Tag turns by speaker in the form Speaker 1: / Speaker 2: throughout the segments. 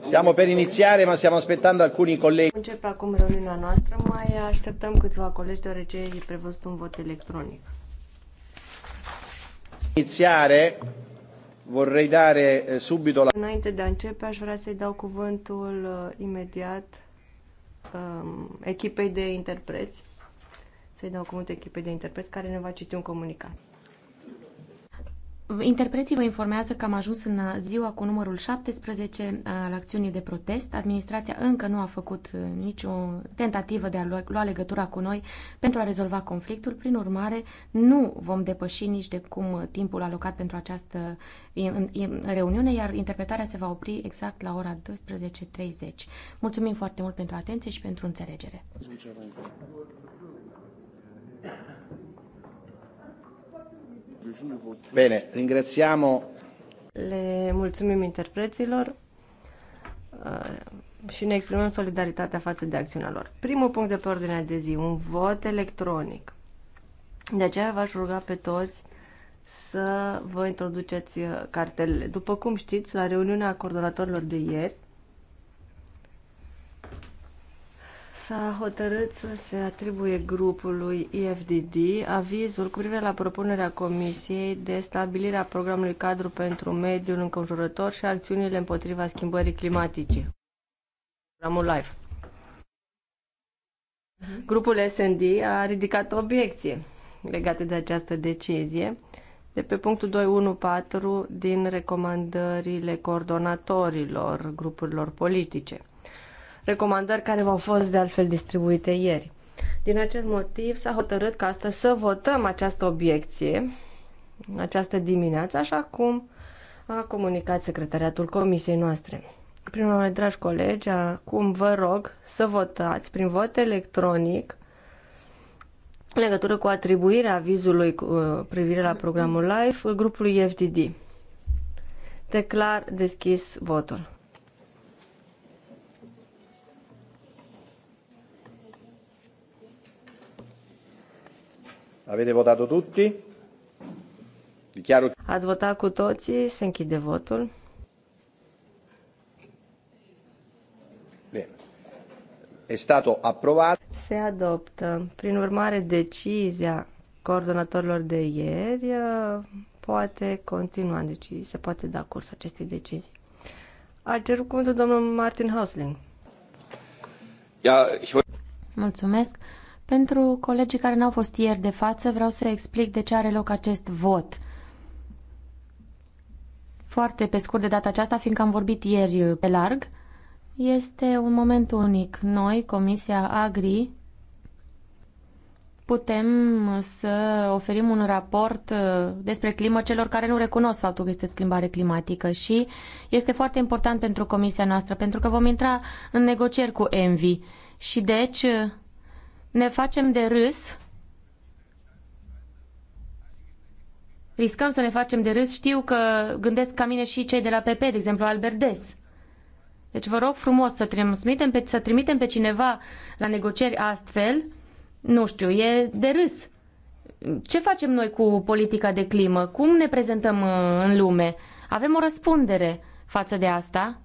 Speaker 1: Siamo per iniziare, ma stiamo aspettando alcuni colleghi. Începe acum reuniunea noastră, mai așteptăm câțiva colegi, deoarece e prevăzut un vot electronic. Iniziare, vorrei dare eh, subito la... Înainte de a începe, aș vrea să-i dau cuvântul eh, imediat um, echipei de interpreți. Să-i dau cuvântul echipei de interpreți care ne va citi un comunicat.
Speaker 2: Interpreții vă informează că am ajuns în ziua cu numărul 17 uh, al acțiunii de protest. Administrația încă nu a făcut uh, nicio tentativă de a lua, legătura cu noi pentru a rezolva conflictul. Prin urmare, nu vom depăși nici de cum uh, timpul alocat pentru această reuniune, iar interpretarea se va opri exact la ora 12.30. Mulțumim foarte mult pentru atenție și pentru înțelegere.
Speaker 1: Bine, ringraziamo. Le mulțumim interpreților uh, și ne exprimăm solidaritatea față de acțiunea lor. Primul punct de pe ordinea de zi, un vot electronic. De aceea v-aș ruga pe toți să vă introduceți uh, cartelele. După cum știți, la reuniunea coordonatorilor de ieri, s-a hotărât să se atribuie grupului IFDD avizul cu privire la propunerea Comisiei de stabilirea programului cadru pentru mediul înconjurător și acțiunile împotriva schimbării climatice. Programul LIFE. Grupul SND a ridicat obiecție legate de această decizie de pe punctul 2.1.4 din recomandările coordonatorilor grupurilor politice recomandări care v-au fost de altfel distribuite ieri. Din acest motiv s-a hotărât ca astăzi să votăm această obiecție, această dimineață, așa cum a comunicat secretariatul comisiei noastre. Prima urmare, dragi colegi, acum vă rog să votați prin vot electronic în legătură cu atribuirea avizului cu uh, privire la programul LIFE grupului FDD. Declar deschis votul. Avete votato tutti? Dichiaro... Ați votat cu toții, se închide votul. Bine. E stato approvato. Se adoptă. Prin urmare, decizia coordonatorilor de ieri uh, poate continua, deci se poate da curs acestei decizii. A cerut cuvântul domnul Martin Hausling. Ia, Mulțumesc.
Speaker 2: Pentru colegii care n-au fost ieri de față, vreau să explic de ce are loc acest vot. Foarte pe scurt de data aceasta, fiindcă am vorbit ieri pe larg, este un moment unic. Noi, Comisia Agri, putem să oferim un raport uh, despre climă celor care nu recunosc faptul că este schimbare climatică și este foarte important pentru comisia noastră pentru că vom intra în negocieri cu Envi și deci uh, ne facem de râs, riscăm să ne facem de râs, știu că gândesc ca mine și cei de la PP, de exemplu Albert Des. Deci vă rog frumos să trimitem, pe, să trimitem pe cineva la negocieri astfel, nu știu, e de râs. Ce facem noi cu politica de climă? Cum ne prezentăm uh, în lume? Avem o răspundere față de asta.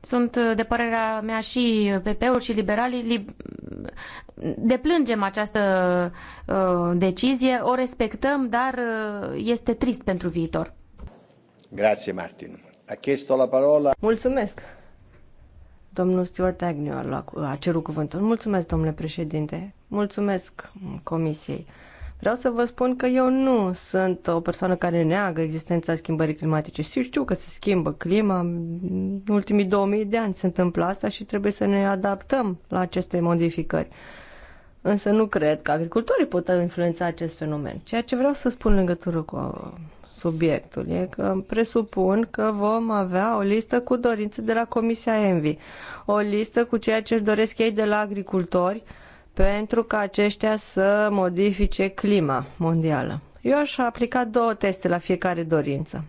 Speaker 2: Sunt uh, de părerea mea și PP-ul și liberalii. Deplângem această uh, decizie, o respectăm, dar uh, este trist pentru viitor.
Speaker 1: Grazie, Martin. A chiesto la parola. Mulțumesc. Domnul Stuart Agnew a, luat, a cerut cuvântul. Mulțumesc, domnule președinte. Mulțumesc mm, comisiei. Vreau să vă spun că eu nu sunt o persoană care neagă existența schimbării climatice. Și știu că se schimbă clima. În ultimii 2000 de ani se întâmplă asta și trebuie să ne adaptăm la aceste modificări. Însă nu cred că agricultorii pot influența acest fenomen. Ceea ce vreau să spun legătură cu uh, subiectul e că presupun că vom avea o listă cu dorințe de la Comisia Envi, o listă cu ceea ce își doresc ei de la agricultori, pentru ca aceștia să modifice clima mondială. Eu aș aplica două teste la fiecare dorință.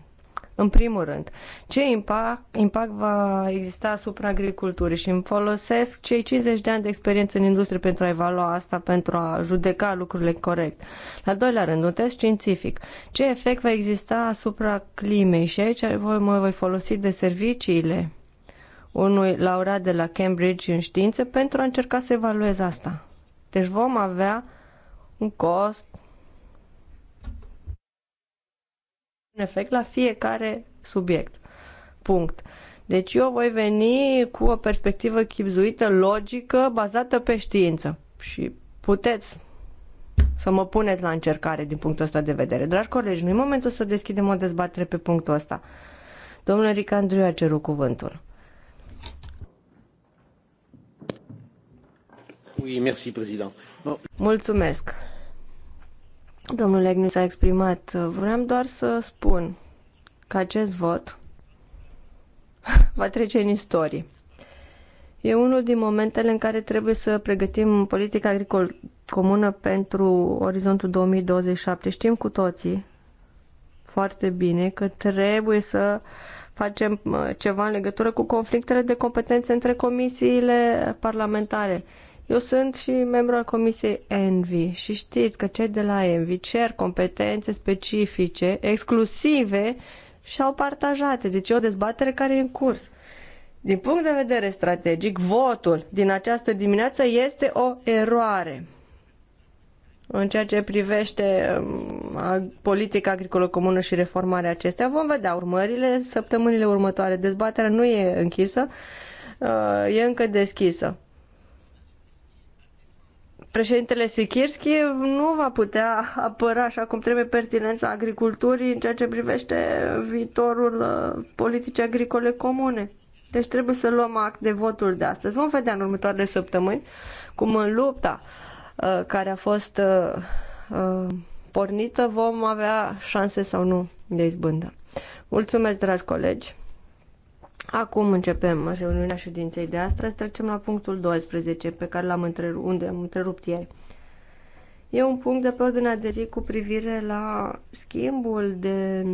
Speaker 1: În primul rând, ce impact, impact va exista asupra agriculturii și îmi folosesc cei 50 de ani de experiență în industrie pentru a evalua asta, pentru a judeca lucrurile corect. La doilea rând, un test științific. Ce efect va exista asupra climei? Și aici voi, mă voi folosi de serviciile unui laureat de la Cambridge în științe pentru a încerca să evaluez asta. Deci vom avea un cost, în efect la fiecare subiect. Punct. Deci eu voi veni cu o perspectivă chipzuită, logică, bazată pe știință. Și puteți să mă puneți la încercare din punctul ăsta de vedere. Dragi colegi, nu e momentul să deschidem o dezbatere pe punctul ăsta. Domnul Eric Andrei a cerut cuvântul. Mulțumesc. Domnul Legnu s-a exprimat. Vreau doar să spun că acest vot va trece în istorie. E unul din momentele în care trebuie să pregătim politica agricolă comună pentru orizontul 2027. Știm cu toții foarte bine că trebuie să facem uh, ceva în legătură cu conflictele de competențe între comisiile parlamentare. Eu sunt și membru al Comisiei Envi și știți că cei de la Envi cer competențe specifice, exclusive și au partajate. Deci e o dezbatere care e în curs. Din punct de vedere strategic, votul din această dimineață este o eroare în ceea ce privește um, politica agricolă comună și reformarea acestea. Vom vedea urmările săptămânile următoare. Dezbaterea nu e închisă, uh, e încă deschisă președintele Sikirski nu va putea apăra așa cum trebuie pertinența agriculturii în ceea ce privește viitorul uh, politicii agricole comune. Deci trebuie să luăm act de votul de astăzi. Vom vedea în următoarele săptămâni cum în lupta uh, care a fost uh, pornită vom avea șanse sau nu de izbândă. Mulțumesc, dragi colegi! Acum începem reuniunea ședinței de astăzi. Trecem la punctul 12, pe care l-am întrerupt, unde am întrerupt ieri. E un punct de pe ordinea de zi cu privire la schimbul de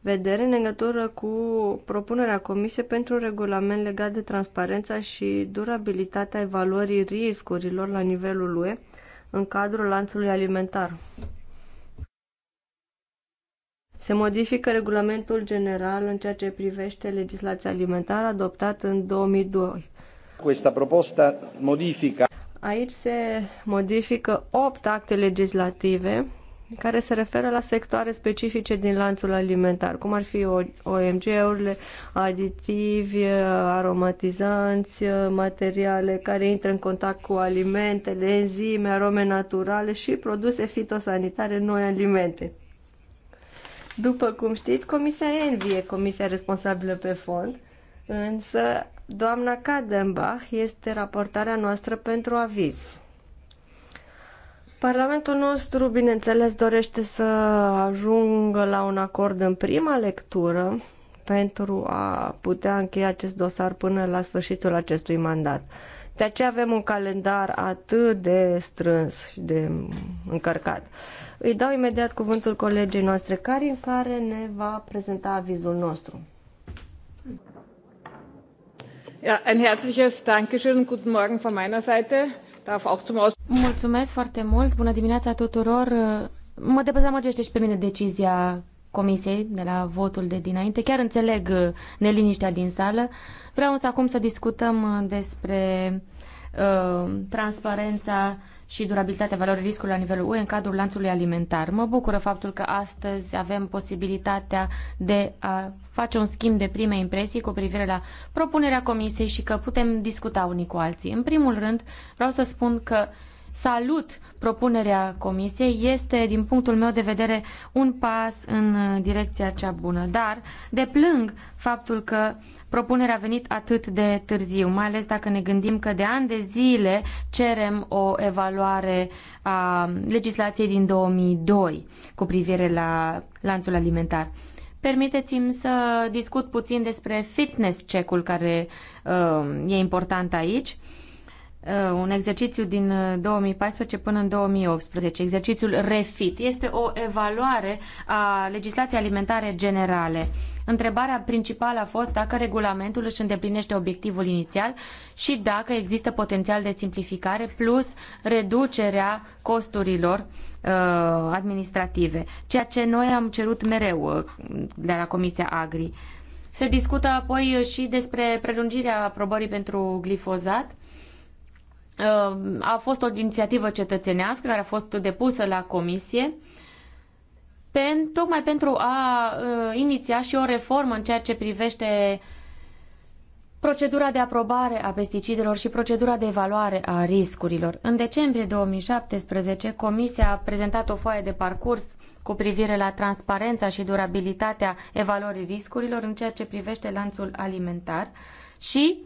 Speaker 1: vedere în legătură cu propunerea Comisiei pentru un regulament legat de transparența și durabilitatea evaluării riscurilor la nivelul UE în cadrul lanțului alimentar. Se modifică regulamentul general în ceea ce privește legislația alimentară adoptat în 2002. Questa proposta modifica Aici se modifică 8 acte legislative care se referă la sectoare specifice din lanțul alimentar, cum ar fi OMG-urile, aditivi, aromatizanți, materiale care intră în contact cu alimentele, enzime, arome naturale și produse fitosanitare, noi alimente. După cum știți, Comisia Envi e comisia responsabilă pe fond, însă doamna Kadenbach este raportarea noastră pentru aviz. Parlamentul nostru, bineînțeles, dorește să ajungă la un acord în prima lectură pentru a putea încheia acest dosar până la sfârșitul acestui mandat. De aceea avem un calendar atât de strâns și de încărcat. Uh, îi dau imediat cuvântul colegii noastre, Karin, care ne va prezenta avizul nostru.
Speaker 2: Ja, ein herzliches Dankeschön, guten Morgen von meiner Seite. Darf auch zum Aus Mulțumesc foarte mult, bună dimineața tuturor. Uh, mă depăzamăgește și pe mine decizia comisiei de la votul de dinainte. Chiar înțeleg uh, neliniștea din sală. Vreau însă acum să discutăm uh, despre uh, transparența uh, și durabilitatea valorii riscului la nivelul UE în cadrul lanțului alimentar. Mă bucură faptul că astăzi avem posibilitatea de a face un schimb de prime impresii cu privire la propunerea Comisiei și că putem discuta unii cu alții. În primul rând, vreau să spun că salut propunerea Comisiei, este, din punctul meu de vedere, un pas în direcția cea bună, dar deplâng faptul că uh, propunerea a venit atât de târziu, mai ales dacă ne gândim că de ani de zile cerem o evaluare a legislației din 2002 cu privire la lanțul alimentar. Permiteți-mi să discut puțin despre fitness check-ul care uh, e important aici. Uh, un exercițiu din 2014 uh, până în 2018, exercițiul REFIT. Este o evaluare a legislației alimentare generale. Întrebarea principală a fost dacă regulamentul își îndeplinește obiectivul inițial și dacă există potențial de simplificare plus reducerea costurilor uh, administrative, ceea ce noi am cerut mereu uh, de la Comisia Agri. Se discută apoi și despre prelungirea aprobării pentru glifozat Uh, a fost o inițiativă cetățenească care a fost depusă la comisie pen, tocmai pentru a uh, iniția și o reformă în ceea ce privește procedura de aprobare a pesticidelor și procedura de evaluare a riscurilor. În decembrie 2017, Comisia a prezentat o foaie de parcurs cu privire la transparența și durabilitatea evaluării riscurilor în ceea ce privește lanțul alimentar și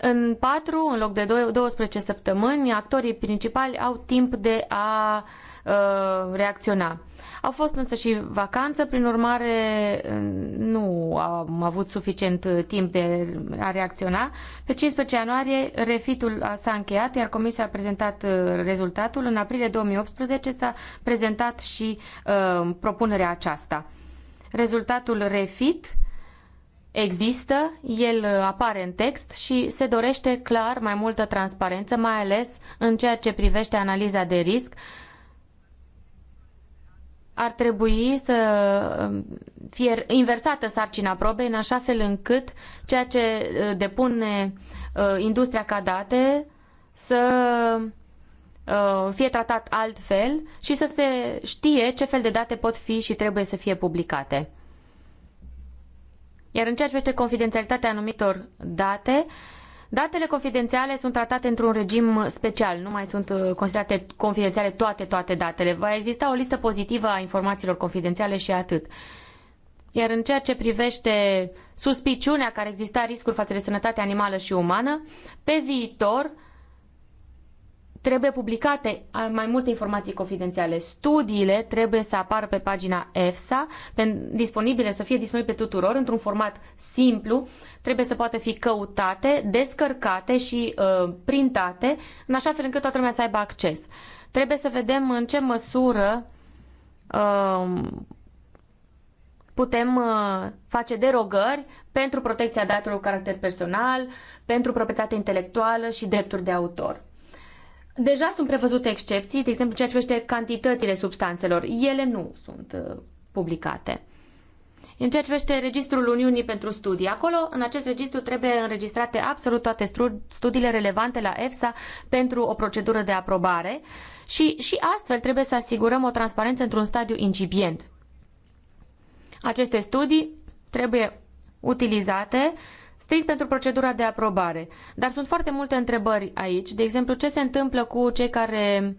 Speaker 2: în 4, în loc de 12 săptămâni, actorii principali au timp de a uh, reacționa. Au fost însă și vacanță, prin urmare uh, nu am avut suficient uh, timp de a reacționa. Pe 15 ianuarie refitul s-a încheiat, iar comisia a prezentat uh, rezultatul. În aprilie 2018 s-a prezentat și uh, propunerea aceasta. Rezultatul refit uh, există, el uh, apare în text și se dorește clar mai multă transparență, mai ales în ceea ce privește analiza de risc. Ar trebui să um, fie inversată sarcina probei în așa fel încât ceea ce uh, depune uh, industria ca date să fie tratat altfel și să se știe ce fel de date pot fi și trebuie să fie publicate. Iar în ceea ce privește confidențialitatea anumitor date, datele confidențiale sunt tratate într-un regim special, nu mai sunt uh, considerate confidențiale toate, toate datele. Va exista o listă pozitivă a informațiilor confidențiale și atât. Iar în ceea ce privește suspiciunea care exista riscuri față de sănătatea animală și umană, pe viitor, trebuie publicate mai multe informații confidențiale. Studiile trebuie să apară pe pagina EFSA, pe, disponibile, să fie disponibile tuturor într-un format simplu, trebuie să poată fi căutate, descărcate și uh, printate, în așa fel încât toată lumea să aibă acces. Trebuie să vedem în ce măsură uh, putem uh, face derogări pentru protecția datelor cu caracter personal, pentru proprietate intelectuală și drepturi de autor. Deja sunt prevăzute excepții, de exemplu, ceea ce privește cantitățile substanțelor. Ele nu sunt uh, publicate. În ceea ce privește registrul Uniunii pentru studii, acolo, în acest registru trebuie înregistrate absolut toate studiile relevante la EFSA pentru o procedură de aprobare și, și astfel trebuie să asigurăm o transparență într-un stadiu incipient. Aceste studii trebuie utilizate strict pentru procedura de aprobare. Dar sunt foarte multe întrebări aici. De exemplu, ce se întâmplă cu cei care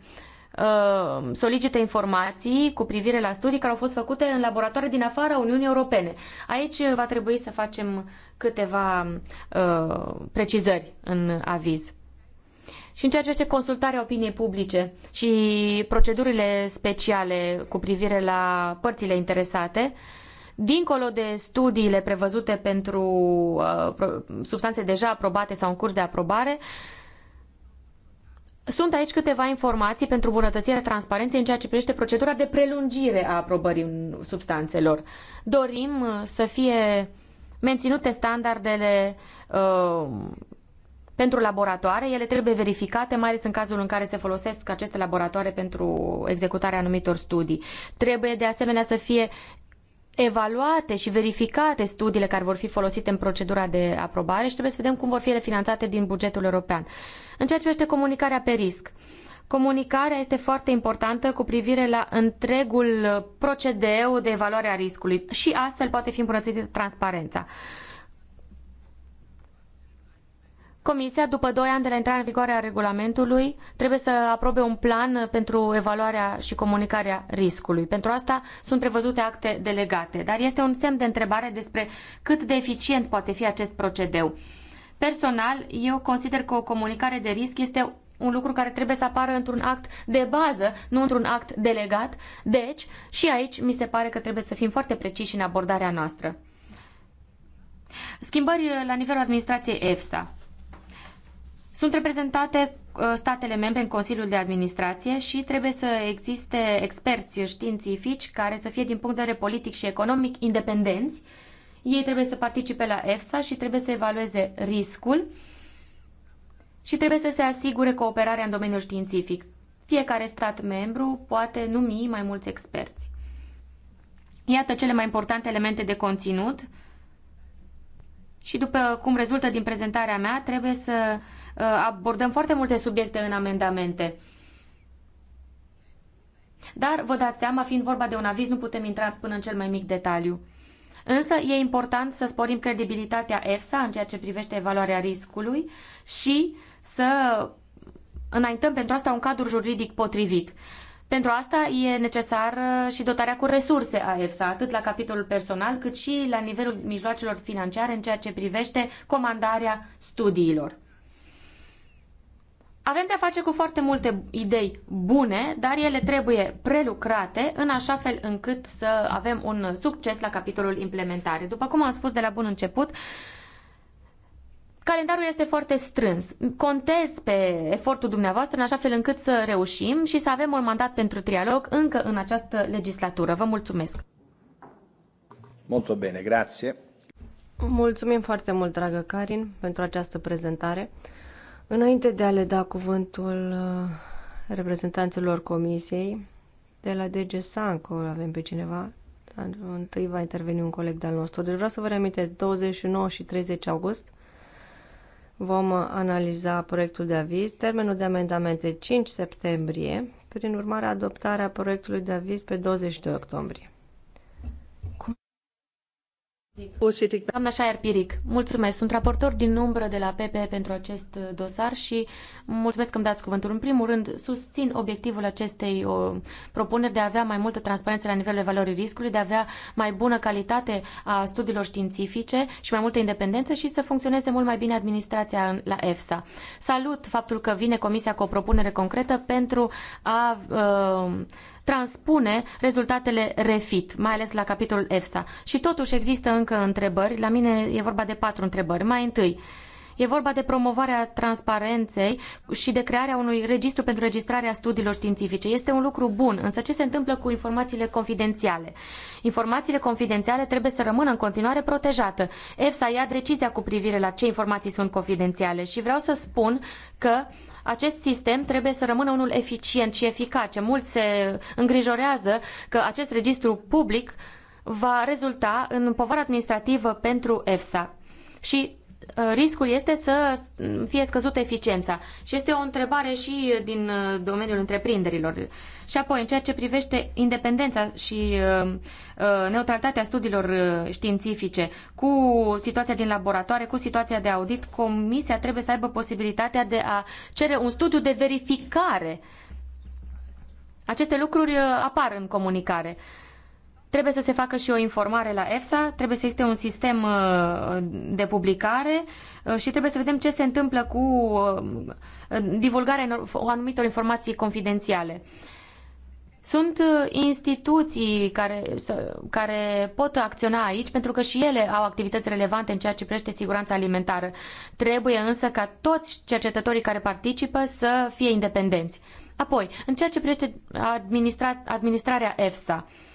Speaker 2: uh, solicită informații cu privire la studii care au fost făcute în laboratoare din afara Uniunii Europene. Aici va trebui să facem câteva uh, precizări în aviz. Și în ceea ce este consultarea opiniei publice și procedurile speciale cu privire la părțile interesate, uh, Dincolo de studiile prevăzute pentru uh, substanțe deja aprobate sau în curs de aprobare, sunt aici câteva informații pentru bunătățirea transparenței în ceea ce privește procedura de prelungire a aprobării substanțelor. Dorim uh, să fie menținute standardele uh, pentru laboratoare, ele trebuie verificate, mai ales în cazul în care se folosesc aceste laboratoare pentru executarea anumitor studii. Trebuie de asemenea să fie evaluate și verificate studiile care vor fi folosite în procedura de aprobare și trebuie să vedem cum vor fi refinanțate din bugetul european. În ceea ce privește comunicarea pe risc, comunicarea este foarte importantă cu privire la întregul procedeu de evaluare a riscului și astfel poate fi îmbunătățită transparența. Comisia, după doi ani de la intrarea în vigoare a regulamentului, trebuie să aprobe un plan pentru evaluarea și comunicarea riscului. Pentru asta sunt prevăzute acte delegate, dar este un semn de întrebare despre cât de eficient poate fi acest procedeu. Personal, eu consider că o comunicare de risc este un lucru care trebuie să apară într-un act de bază, nu într-un act delegat. Deci, și aici mi se pare că trebuie să fim foarte preciși în abordarea noastră. Schimbări la nivelul administrației EFSA. Sunt reprezentate uh, statele membre în Consiliul de Administrație și trebuie să existe experți științifici care să fie din punct de vedere politic și economic independenți. Ei trebuie să participe la EFSA și trebuie să evalueze riscul și trebuie să se asigure cooperarea în domeniul științific. Fiecare stat membru poate numi mai mulți experți. Iată cele mai importante elemente de conținut și după cum rezultă din prezentarea mea, trebuie să Uh, abordăm foarte multe subiecte în amendamente. Dar, vă dați seama, fiind vorba de un aviz, nu putem intra până în cel mai mic detaliu. Însă e important să sporim credibilitatea EFSA în ceea ce privește evaluarea riscului și să înaintăm pentru asta un cadru juridic potrivit. Pentru asta e necesar și dotarea cu resurse a EFSA, atât la capitolul personal, cât și la nivelul mijloacelor financiare în ceea ce privește comandarea studiilor. Avem de-a face cu foarte multe idei bune, dar ele trebuie prelucrate în așa fel încât să avem un succes la capitolul implementare. După cum am spus de la bun început, calendarul este foarte strâns. Contez pe efortul dumneavoastră în așa fel încât să reușim și să avem un mandat pentru trialog încă în această legislatură. Vă mulțumesc!
Speaker 1: Molto bene, grazie! Mulțumim foarte mult, dragă Karin, pentru această prezentare. Înainte de a le da cuvântul uh, reprezentanților comisiei, de la DG Sanco avem pe cineva, întâi va interveni un coleg de-al nostru. Deci vreau să vă reamintesc, 29 și 30 august vom uh, analiza proiectul de aviz, termenul de amendamente 5 septembrie, prin urmare adoptarea proiectului de aviz pe 22 octombrie. Doamna Șaier Piric, mulțumesc. Sunt raportor din
Speaker 2: umbră de la PP pentru acest uh, dosar și mulțumesc că îmi dați cuvântul. În primul rând, susțin obiectivul acestei o, propuneri de a avea mai multă transparență la nivelul evaluării riscului, de a avea mai bună calitate a studiilor științifice și mai multă independență și să funcționeze mult mai bine administrația la EFSA. Salut faptul că vine Comisia cu o propunere concretă pentru a. Uh, transpune rezultatele refit, mai ales la capitolul EFSA. Și totuși există încă întrebări, la mine e vorba de patru întrebări. Mai întâi, E vorba de promovarea transparenței și de crearea unui registru pentru registrarea studiilor științifice. Este un lucru bun, însă ce se întâmplă cu informațiile confidențiale? Informațiile confidențiale trebuie să rămână în continuare protejată. EFSA ia decizia cu privire la ce informații sunt confidențiale și vreau să spun că uh, acest sistem trebuie să rămână unul eficient și eficace. Mulți se îngrijorează că acest registru public va rezulta în povară administrativă pentru EFSA. Și Uh, riscul este să fie scăzută eficiența. Și este o întrebare și din uh, domeniul întreprinderilor. Și apoi, în ceea ce privește independența și uh, neutralitatea studiilor științifice cu situația din laboratoare, cu situația de audit, comisia trebuie să aibă posibilitatea de a cere un studiu de verificare. Aceste lucruri apar în comunicare. Uh, Trebuie să se facă și o informare la EFSA, trebuie să existe un sistem uh, de publicare uh, și trebuie să vedem ce se întâmplă cu uh, divulgarea anumitor informații confidențiale. Sunt instituții care, care pot acționa aici pentru că și ele au activități relevante în ceea ce privește siguranța alimentară. Trebuie însă ca toți cercetătorii care participă să fie independenți. Apoi, în ceea ce privește administra- administrarea EFSA, uh,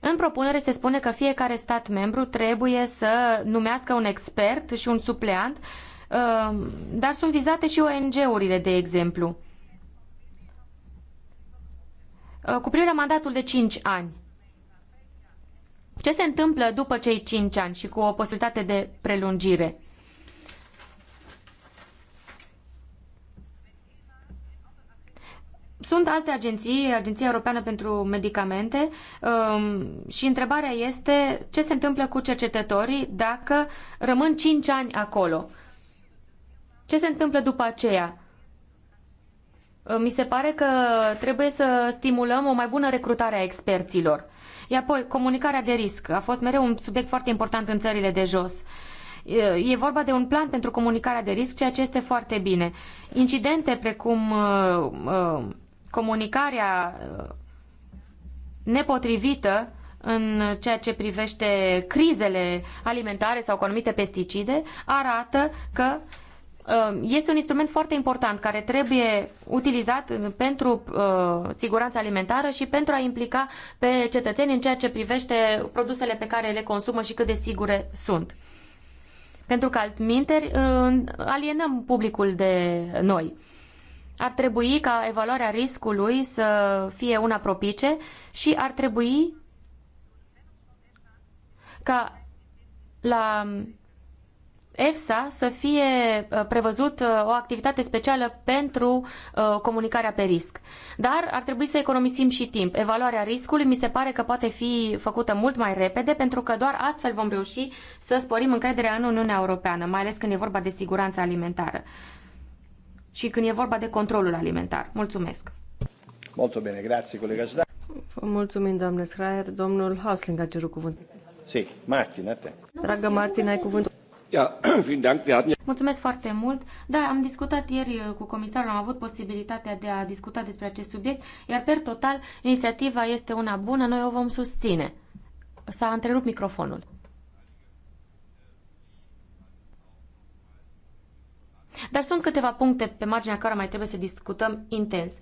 Speaker 2: în propunere se spune că fiecare stat membru trebuie să numească un expert și un supleant, uh, dar sunt vizate și ONG-urile, de exemplu. Uh, cu privire la mandatul de 5 ani, ce se întâmplă după cei 5 ani și cu o posibilitate de prelungire? Sunt alte agenții, Agenția Europeană pentru Medicamente, um, și întrebarea este ce se întâmplă cu cercetătorii dacă rămân 5 ani acolo. Ce se întâmplă după aceea? Mi se pare că trebuie să stimulăm o mai bună recrutare a experților. Iar apoi, comunicarea de risc a fost mereu un subiect foarte important în țările de jos. E vorba de un plan pentru comunicarea de risc, ceea ce este foarte bine. Incidente precum uh, uh, comunicarea uh, nepotrivită în ceea ce privește crizele alimentare sau cu anumite pesticide arată că uh, este un instrument foarte important care trebuie utilizat pentru uh, siguranța alimentară și pentru a implica pe cetățeni în ceea ce privește produsele pe care le consumă și cât de sigure sunt. Pentru că altminteri alienăm publicul de noi ar trebui ca evaluarea riscului să fie una propice și ar trebui ca la EFSA să fie uh, prevăzut uh, o activitate specială pentru uh, comunicarea pe risc. Dar ar trebui să economisim și timp. Evaluarea riscului mi se pare că poate fi făcută mult mai repede pentru că doar astfel vom reuși să sporim încrederea în Uniunea Europeană, mai ales când e vorba de siguranța alimentară și când e vorba de controlul alimentar. Mulțumesc!
Speaker 1: Molto bine, grazie, colega Vă mulțumim, doamne Schreier. Domnul Hausling a cerut cuvânt. Si, Martin, te. Dragă Martin, ai cuvântul.
Speaker 2: Mulțumesc foarte mult. Da, am discutat ieri uh, cu comisarul, am avut posibilitatea de a discuta despre acest subiect, iar per total, inițiativa este una bună, noi o vom susține. S-a întrerupt microfonul. Dar sunt câteva puncte pe marginea care mai trebuie să discutăm intens.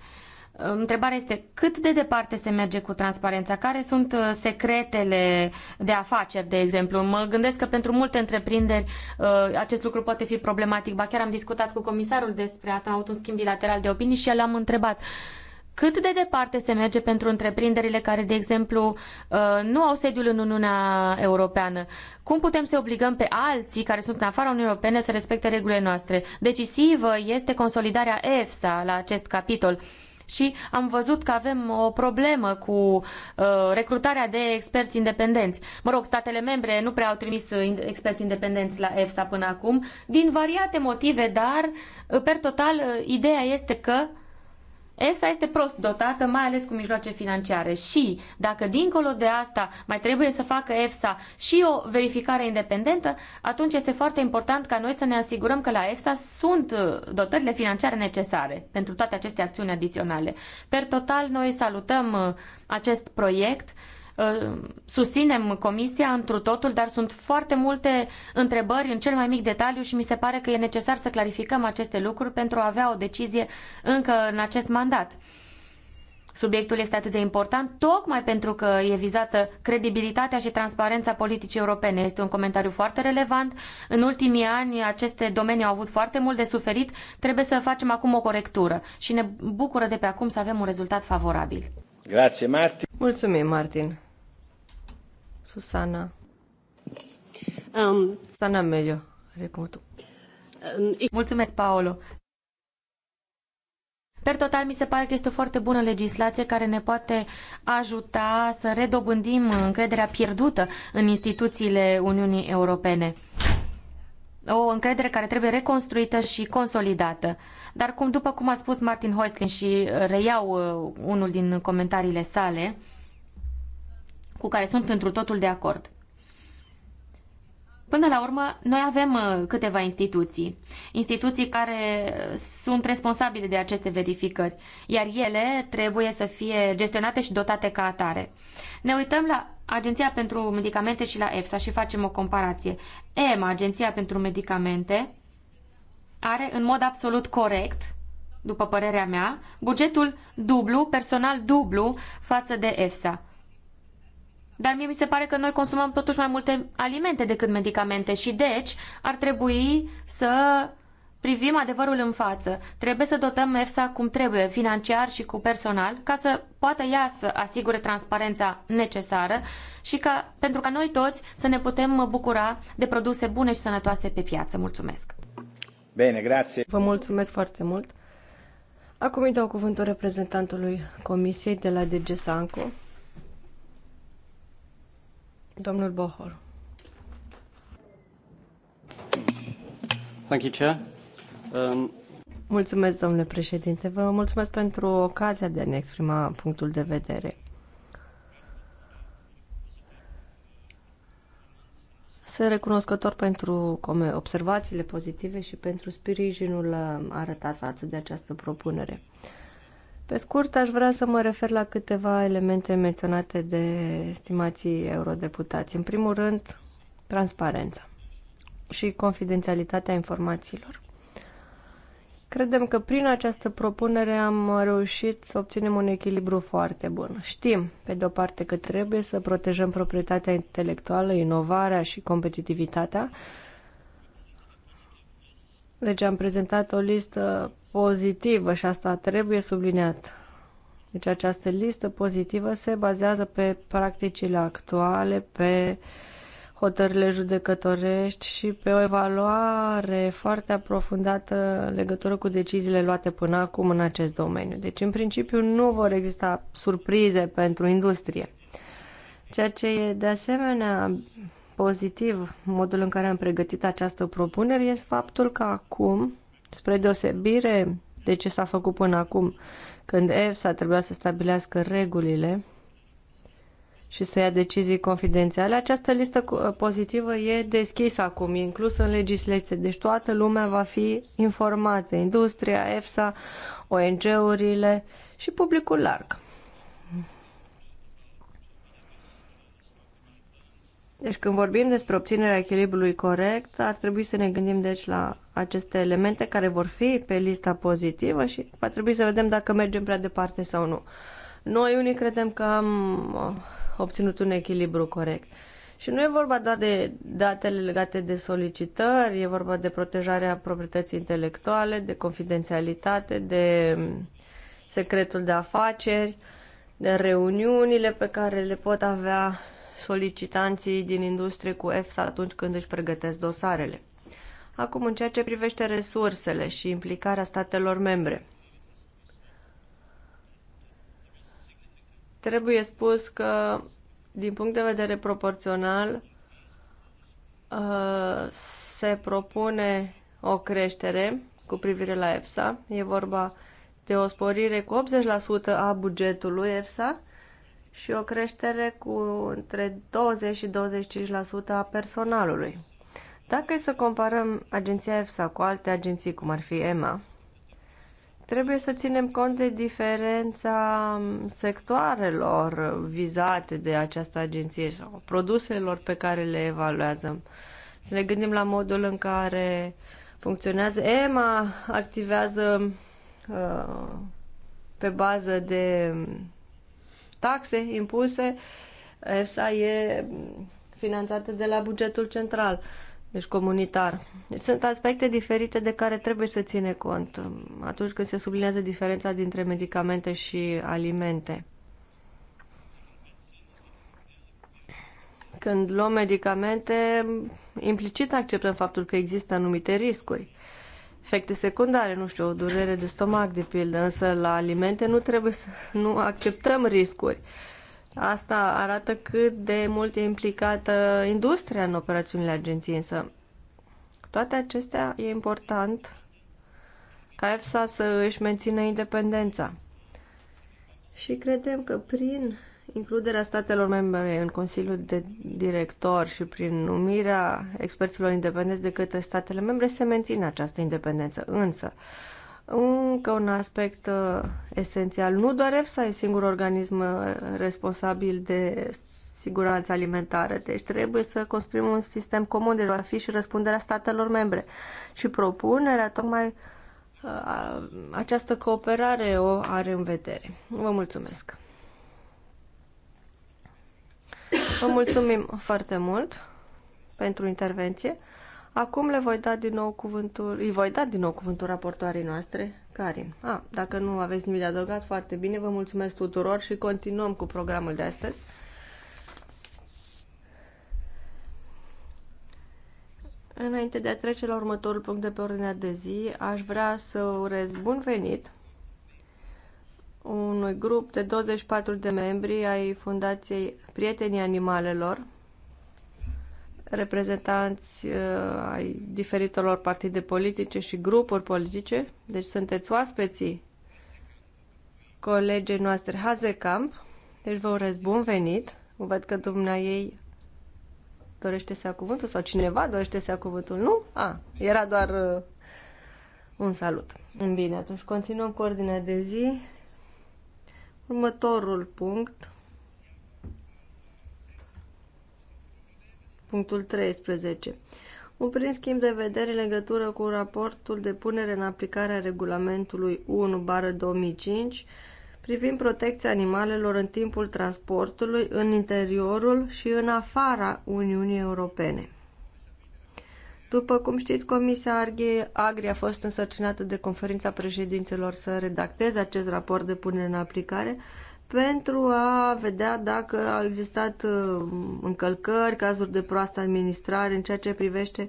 Speaker 2: Întrebarea este cât de departe se merge cu transparența? Care sunt uh, secretele de afaceri, de exemplu? Mă gândesc că pentru multe întreprinderi uh, acest lucru poate fi problematic. Ba chiar am discutat cu comisarul despre asta, am avut un schimb bilateral de opinii și el am întrebat cât de departe se merge pentru întreprinderile care, de exemplu, uh, nu au sediul în Uniunea Europeană? Cum putem să obligăm pe alții care sunt în afara Uniunii Europene să respecte regulile noastre? Decisivă este consolidarea EFSA la acest capitol. Și am văzut că avem o problemă cu uh, recrutarea de experți independenți. Mă rog, statele membre nu prea au trimis uh, experți independenți la EFSA până acum, din variate motive, dar, per total, ideea este că EFSA este prost dotată, mai ales cu mijloace financiare și dacă dincolo de asta mai trebuie să facă EFSA și o verificare independentă, atunci este foarte important ca noi să ne asigurăm că la EFSA sunt uh, dotările financiare necesare pentru toate aceste acțiuni adiționale. Per total, noi salutăm uh, acest proiect Uh, susținem comisia întru totul, dar sunt foarte multe întrebări în cel mai mic detaliu și mi se pare că e necesar să clarificăm aceste lucruri pentru a avea o decizie încă în acest mandat. Subiectul este atât de important tocmai pentru că e vizată credibilitatea și transparența politicii europene. Este un comentariu foarte relevant. În ultimii ani aceste domenii au avut foarte mult de suferit. Trebuie să facem acum o corectură și ne bucură de pe acum
Speaker 1: să avem un rezultat favorabil. Grazie, Martin. Mulțumim, Martin. Susana. Um, Susana Melio, recomandă. Um, Mulțumesc, Paolo. Per total, mi se pare că este
Speaker 2: o foarte bună legislație care ne poate ajuta să redobândim încrederea pierdută în instituțiile Uniunii Europene. O încredere care trebuie reconstruită și consolidată. Dar cum, după cum a spus Martin Hoisling și reiau uh, unul din comentariile sale, uh, cu care sunt întru totul de acord. Până la urmă, noi avem uh, câteva instituții, instituții care sunt responsabile de aceste verificări, iar ele trebuie să fie gestionate și dotate ca atare. Ne uităm la Agenția pentru Medicamente și la EFSA și facem o comparație. EMA, Agenția pentru Medicamente, are în mod absolut corect, după părerea mea, bugetul dublu, personal dublu față de EFSA. Dar mie mi se pare că noi consumăm totuși mai multe alimente decât medicamente și deci ar trebui să privim adevărul în față. Trebuie să dotăm EFSA cum trebuie, financiar și cu personal, ca să poată ea să asigure transparența necesară și ca, pentru ca noi toți să ne putem bucura de produse bune și sănătoase pe piață. Mulțumesc!
Speaker 1: Bine, grație! Vă mulțumesc foarte mult! Acum îi dau cuvântul reprezentantului Comisiei de la DG Sanco. Domnul Bohor. Thank you, Chair. Um... Mulțumesc, domnule președinte. Vă mulțumesc pentru ocazia de a ne exprima punctul de vedere. Sunt recunoscător pentru observațiile pozitive și pentru sprijinul uh, arătat față de această propunere. Pe scurt, aș vrea să mă refer la câteva elemente menționate de estimații eurodeputați. În primul rând, transparența și confidențialitatea informațiilor. Credem că prin această propunere am reușit să obținem un echilibru foarte bun. Știm, pe de-o parte, că trebuie să protejăm proprietatea intelectuală, inovarea și competitivitatea, deci am prezentat o listă pozitivă și asta trebuie subliniat. Deci această listă pozitivă se bazează pe practicile actuale, pe hotările judecătorești și pe o evaluare foarte aprofundată în legătură cu deciziile luate până acum în acest domeniu. Deci, în principiu, nu vor exista surprize pentru industrie. Ceea ce e de asemenea pozitiv modul în care am pregătit această propunere este faptul că acum, spre deosebire de ce s-a făcut până acum, când EFSA trebuia să stabilească regulile și să ia decizii confidențiale, această listă pozitivă e deschisă acum, e inclusă în legislație, deci toată lumea va fi informată, industria, EFSA, ONG-urile și publicul larg. Deci când vorbim despre obținerea echilibrului corect, ar trebui să ne gândim deci la aceste elemente care vor fi pe lista pozitivă și va trebui să vedem dacă mergem prea departe sau nu. Noi unii credem că am uh, obținut un echilibru corect. Și nu e vorba doar de datele legate de solicitări, e vorba de protejarea proprietății intelectuale, de confidențialitate, de um, secretul de afaceri, de reuniunile pe care le pot avea solicitanții din industrie cu EFSA atunci când își pregătesc dosarele. Acum, în ceea ce privește resursele și implicarea statelor membre, trebuie spus că, din punct de vedere proporțional, uh, se propune o creștere cu privire la EFSA. E vorba de o sporire cu 80% a bugetului EFSA și o creștere cu între 20 și 25% a personalului. Dacă e să comparăm agenția EFSA cu alte agenții, cum ar fi EMA, trebuie să ținem cont de diferența sectoarelor vizate de această agenție sau produselor pe care le evaluează. Să ne gândim la modul în care funcționează. EMA activează uh, pe bază de taxe impuse, EFSA e finanțată de la bugetul central, deci comunitar. Deci sunt aspecte diferite de care trebuie să ține cont um, atunci când se sublinează diferența dintre medicamente și alimente. Când luăm medicamente, implicit acceptăm faptul că există anumite riscuri efecte secundare, nu știu, o durere de stomac, de pildă, însă la alimente nu trebuie să nu acceptăm riscuri. Asta arată cât de mult e implicată industria în operațiunile agenției, însă toate acestea e important ca EFSA să își mențină independența. Și credem că prin includerea statelor membre în Consiliul de Director și prin numirea experților independenți de către statele membre se menține această independență. Însă, încă un aspect uh, esențial, nu doar EFSA e singur organism uh, responsabil de siguranța alimentară, deci trebuie să construim un sistem comun de va fi și răspunderea statelor membre. Și propunerea tocmai uh, această cooperare o are în vedere. Vă mulțumesc! Vă mulțumim foarte mult pentru intervenție. Acum le voi da din nou cuvântul, îi voi da din nou cuvântul raportoarei noastre, Karin. Ah, dacă nu aveți nimic de adăugat, foarte bine, vă mulțumesc tuturor și continuăm cu programul de astăzi. Înainte de a trece la următorul punct de pe ordinea de zi, aș vrea să urez bun venit unui grup de 24 de membri ai Fundației Prietenii Animalelor, reprezentanți uh, ai diferitelor partide politice și grupuri politice, deci sunteți oaspeții colegei noastre Hazekamp, deci vă urez bun venit. Văd că dumnea ei dorește să ia cuvântul sau cineva dorește să ia cuvântul, nu? A, era doar uh, un salut. Bine, atunci continuăm cu ordinea de zi. Următorul punct. Punctul 13. Un prim schimb de vedere în legătură cu raportul de punere în aplicare a regulamentului 1-2005 bară privind protecția animalelor în timpul transportului în interiorul și în afara Uniunii Europene. După cum știți, Comisia Agri a fost însărcinată de conferința președinților să redacteze acest raport de punere în aplicare pentru a vedea dacă au existat uh, încălcări, cazuri de proastă administrare în ceea ce privește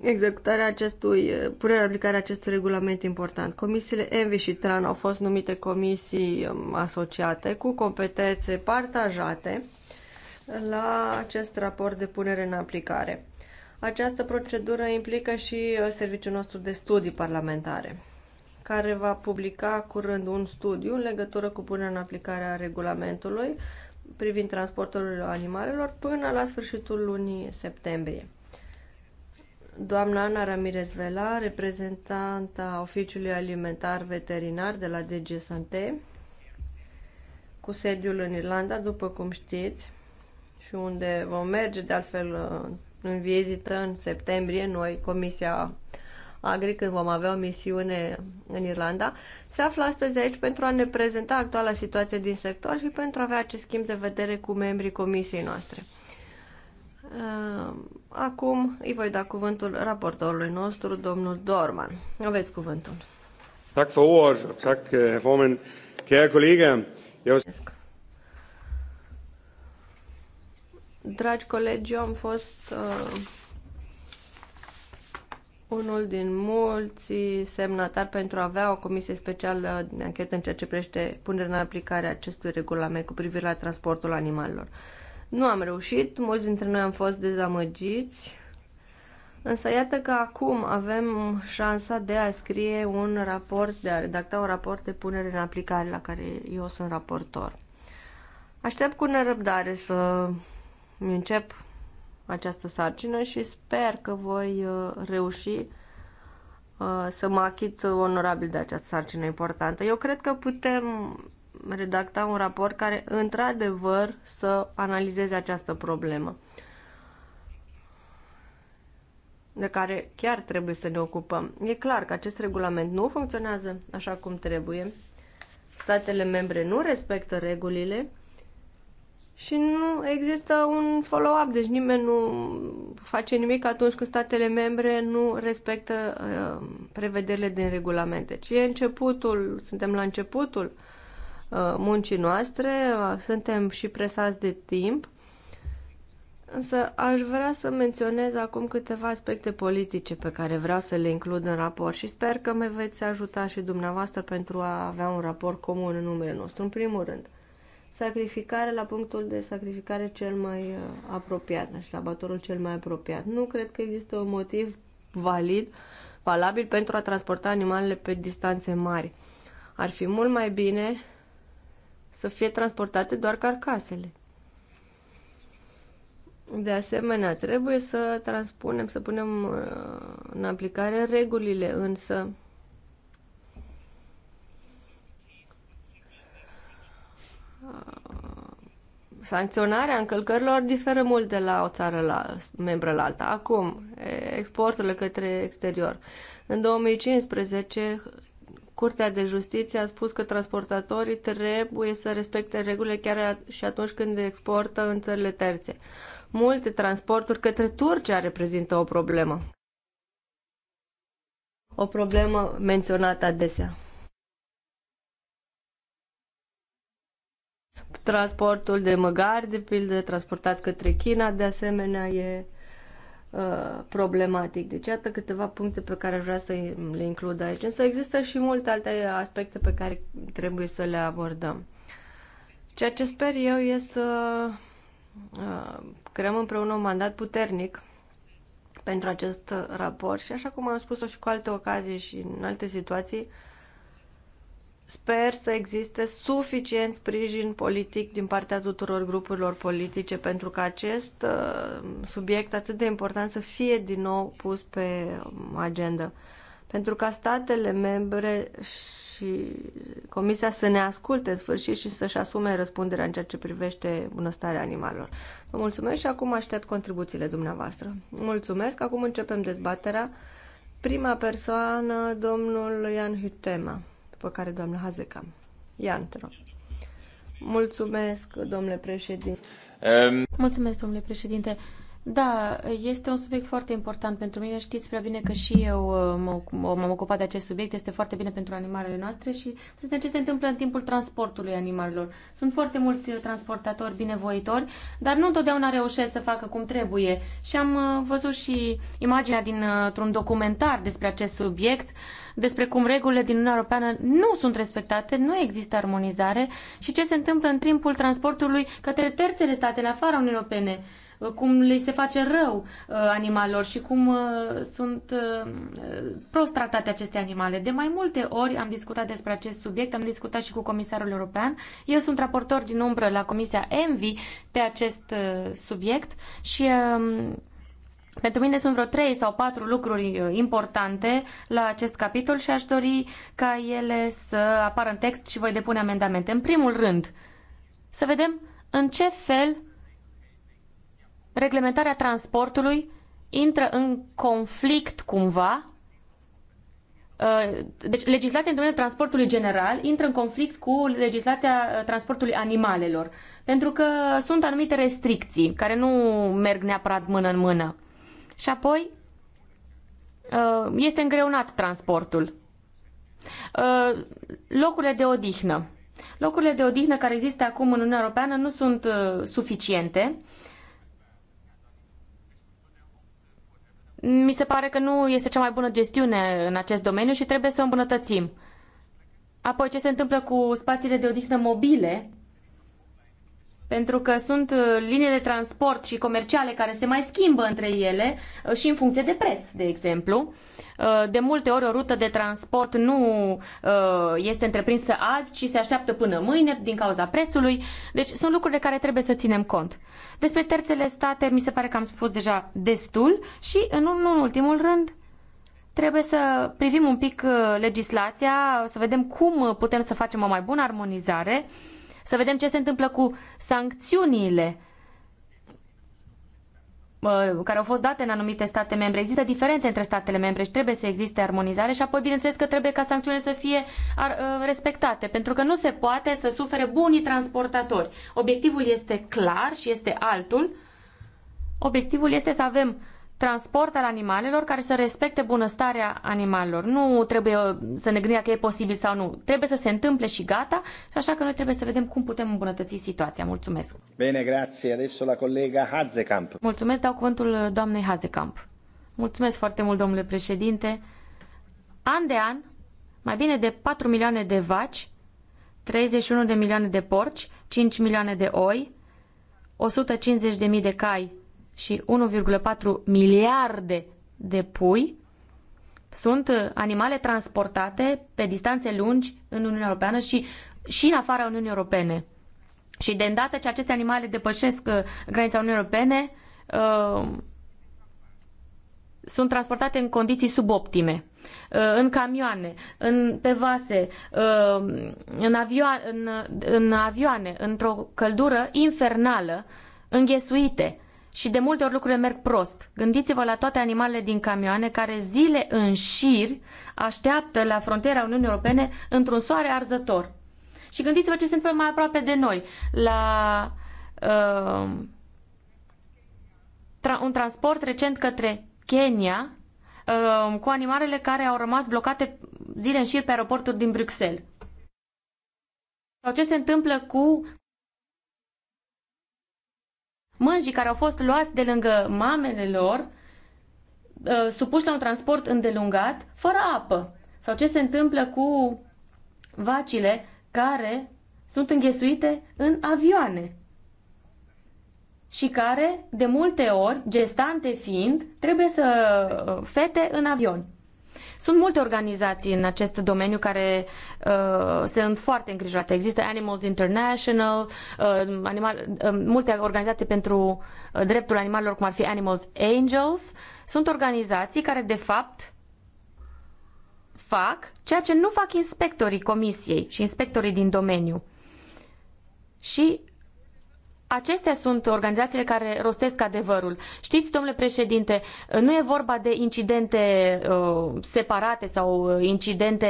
Speaker 1: executarea acestui, uh, punerea în aplicare acestui regulament important. Comisiile Envi și Tran au fost numite comisii um, asociate cu competențe partajate la acest raport de punere în aplicare. Această procedură implică și uh, serviciul nostru de studii parlamentare, care va publica curând un studiu în legătură cu punerea în aplicare a regulamentului privind transportul animalelor până la sfârșitul lunii septembrie. Doamna Ana Ramirez Vela, reprezentanta Oficiului Alimentar Veterinar de la DG Sante, cu sediul în Irlanda, după cum știți, și unde vom merge de altfel uh, în vizită în septembrie, noi, Comisia Agri, când vom avea o misiune în Irlanda, se află astăzi aici pentru a ne prezenta actuala situație din sector și pentru a avea acest schimb de vedere cu membrii comisiei noastre. Uh, acum îi voi da cuvântul raportorului nostru, domnul Dorman. Aveți cuvântul.
Speaker 2: Tak for ord, tak eh, formen. Kære
Speaker 1: kollega, jeg... Dragi colegi, eu am fost uh, unul din mulți semnatari pentru a avea o comisie specială de anchetă în ceea ce privește punerea în aplicare a acestui regulament cu privire la transportul animalelor. Nu am reușit, mulți dintre noi am fost dezamăgiți, însă iată că acum avem șansa de a scrie un raport, de a redacta un raport de punere în aplicare la care eu sunt raportor. Aștept cu nerăbdare să îmi încep această sarcină și sper că voi uh, reuși uh, să mă achit onorabil de această sarcină importantă. Eu cred că putem redacta un raport care, într-adevăr, să analizeze această problemă de care chiar trebuie să ne ocupăm. E clar că acest regulament nu funcționează așa cum trebuie. Statele membre nu respectă regulile și nu există un follow-up, deci nimeni nu face nimic atunci când statele membre nu respectă uh, prevederile din regulamente. Ci e începutul, suntem la începutul uh, muncii noastre, uh, suntem și presați de timp, însă aș vrea să menționez acum câteva aspecte politice pe care vreau să le includ în raport și sper că mă veți ajuta și dumneavoastră pentru a avea un raport comun în numele nostru, în primul rând sacrificare la punctul de sacrificare cel mai uh, apropiat și deci la batorul cel mai apropiat. Nu cred că există un motiv valid, valabil pentru a transporta animalele pe distanțe mari. Ar fi mult mai bine să fie transportate doar carcasele. De asemenea, trebuie să transpunem, să punem uh, în aplicare regulile, însă sancționarea încălcărilor diferă mult de la o țară la membră la alta. Acum, exporturile către exterior. În 2015, Curtea de Justiție a spus că transportatorii trebuie să respecte regulile chiar și atunci când exportă în țările terțe. Multe transporturi către Turcia reprezintă o problemă. O problemă menționată adesea. Transportul de măgari, de pildă, transportat către China, de asemenea, e uh, problematic. Deci, iată câteva puncte pe care aș vrea să le includ aici. Însă există și multe alte aspecte pe care trebuie să le abordăm. Ceea ce sper eu e să uh, creăm împreună un mandat puternic pentru acest raport și așa cum am spus-o și cu alte ocazii și în alte situații, uh, Sper să existe suficient sprijin politic din partea tuturor grupurilor politice pentru ca acest uh, subiect atât de important să fie din nou pus pe um, agenda. Pentru ca statele membre și Comisia să ne asculte în sfârșit și să-și asume răspunderea în ceea ce privește bunăstarea animalelor. Vă mulțumesc și acum aștept contribuțiile dumneavoastră. Mulțumesc, acum începem dezbaterea. Prima persoană, domnul Ian Hutema după care doamna Hazeca. Ian, te rog. Mulțumesc, domnule președinte. Um... Mulțumesc, domnule
Speaker 2: președinte. Da, este un subiect foarte important pentru mine. Știți prea bine că și eu uh, m-am ocupat de acest subiect. Este foarte bine pentru animalele noastre și trebuie să ce se întâmplă în timpul transportului animalelor. Sunt foarte mulți uh, transportatori binevoitori, dar nu întotdeauna reușesc să facă cum trebuie. Și am uh, văzut și imaginea dintr-un documentar despre acest subiect, despre cum regulile din Uniunea Europeană nu sunt respectate, nu există armonizare și ce se întâmplă în timpul transportului către terțele state în afara Uniunii Europene Uh, cum li se face rău uh, animalelor și cum uh, sunt prost tratate aceste animale. De mai multe ori am discutat despre acest subiect, am discutat și cu Comisarul European. Eu sunt raportor din umbră la Comisia ENVI pe acest subiect și um, pentru mine sunt vreo trei sau patru lucruri importante la acest capitol și aș dori ca ele să apară în text și voi depune amendamente. În primul rând, să vedem în ce fel reglementarea transportului intră în conflict cumva uh, deci legislația în domeniul transportului general intră în conflict cu legislația uh, transportului animalelor, pentru că sunt anumite restricții care nu merg neapărat mână în mână. Și apoi uh, este îngreunat transportul. Locurile de odihnă. Locurile de odihnă care există acum în Uniunea Europeană nu sunt suficiente mi se pare că nu este cea mai bună gestiune în acest domeniu și trebuie să o îmbunătățim. Apoi, ce se întâmplă cu spațiile de odihnă mobile? pentru că sunt uh, linii de transport și comerciale care se mai schimbă între ele uh, și în funcție de preț, de exemplu. Uh, de multe ori o rută de transport nu este întreprinsă azi, ci se așteaptă până mâine din cauza prețului. Deci sunt lucruri de care trebuie să ținem cont. Despre terțele state mi se pare că am spus deja destul și, în, în ultimul rând, trebuie să privim un pic legislația, să vedem cum putem să facem o mai bună armonizare să vedem ce se întâmplă cu sancțiunile care au fost date în anumite state membre. Există diferențe între statele membre și trebuie să existe armonizare și apoi, bineînțeles, că trebuie ca sancțiunile să fie uh, respectate, pentru că nu se poate să sufere bunii transportatori. Obiectivul este clar și este altul. Obiectivul este să avem transport al animalelor care să respecte bunăstarea animalelor. Nu trebuie uh, să ne gândim dacă e posibil sau nu. Trebuie să se întâmple și gata, așa că noi trebuie să vedem cum putem îmbunătăți situația. Mulțumesc.
Speaker 1: Bine, grație. Adesso la colega Hazekamp.
Speaker 2: Mulțumesc, dau cuvântul uh, doamnei Hazekamp. Mulțumesc foarte mult, domnule președinte. An de an, mai bine de 4 milioane de vaci, 31 de milioane de porci, 5 milioane de oi, 150.000 de cai și 1,4 miliarde de pui sunt uh, animale transportate pe distanțe lungi în Uniunea Europeană și, și în afara Uniunii Europene. Și de îndată ce aceste animale depășesc uh, granița Uniunii Europene, uh, sunt transportate în condiții suboptime, uh, în camioane, în, pe vase, în, avioane, în, în avioane, într-o căldură infernală, înghesuite și de multe ori lucrurile merg prost. Gândiți-vă la toate animalele din camioane care zile în șir așteaptă la frontiera Uniunii Europene într-un soare arzător. Și gândiți-vă ce se întâmplă mai aproape de noi, la uh, tra un transport recent către Kenya uh, cu animalele care au rămas blocate zile în șir pe aeroporturi din Bruxelles. Sau ce se întâmplă cu mânjii care au fost luați de lângă mamele lor, uh, supuși la un transport îndelungat, fără apă. Sau ce se întâmplă cu vacile care sunt înghesuite în avioane și care, de multe ori, gestante fiind, trebuie să uh, fete în avion. Sunt multe organizații în acest domeniu care uh, sunt foarte îngrijorate. Există Animals International, uh, animal, uh, multe organizații pentru uh, dreptul animalelor, cum ar fi Animals Angels. Sunt organizații care, de fapt, fac ceea ce nu fac inspectorii comisiei și inspectorii din domeniu. Și Acestea sunt organizațiile care rostesc adevărul. Știți, domnule președinte, nu e vorba de incidente uh, separate sau uh, incidente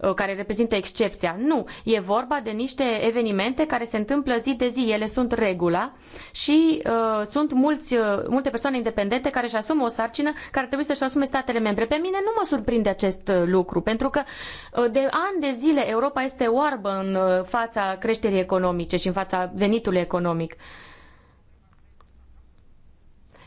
Speaker 2: uh, care reprezintă excepția. Nu, e vorba de niște evenimente care se întâmplă zi de zi. Ele sunt regula și uh, sunt mulți, uh, multe persoane independente care își asumă o sarcină care trebuie să-și asume statele membre. Pe mine nu mă surprinde acest uh, lucru, pentru că de ani de zile Europa este oarbă în fața creșterii economice și în fața venitului economic economic.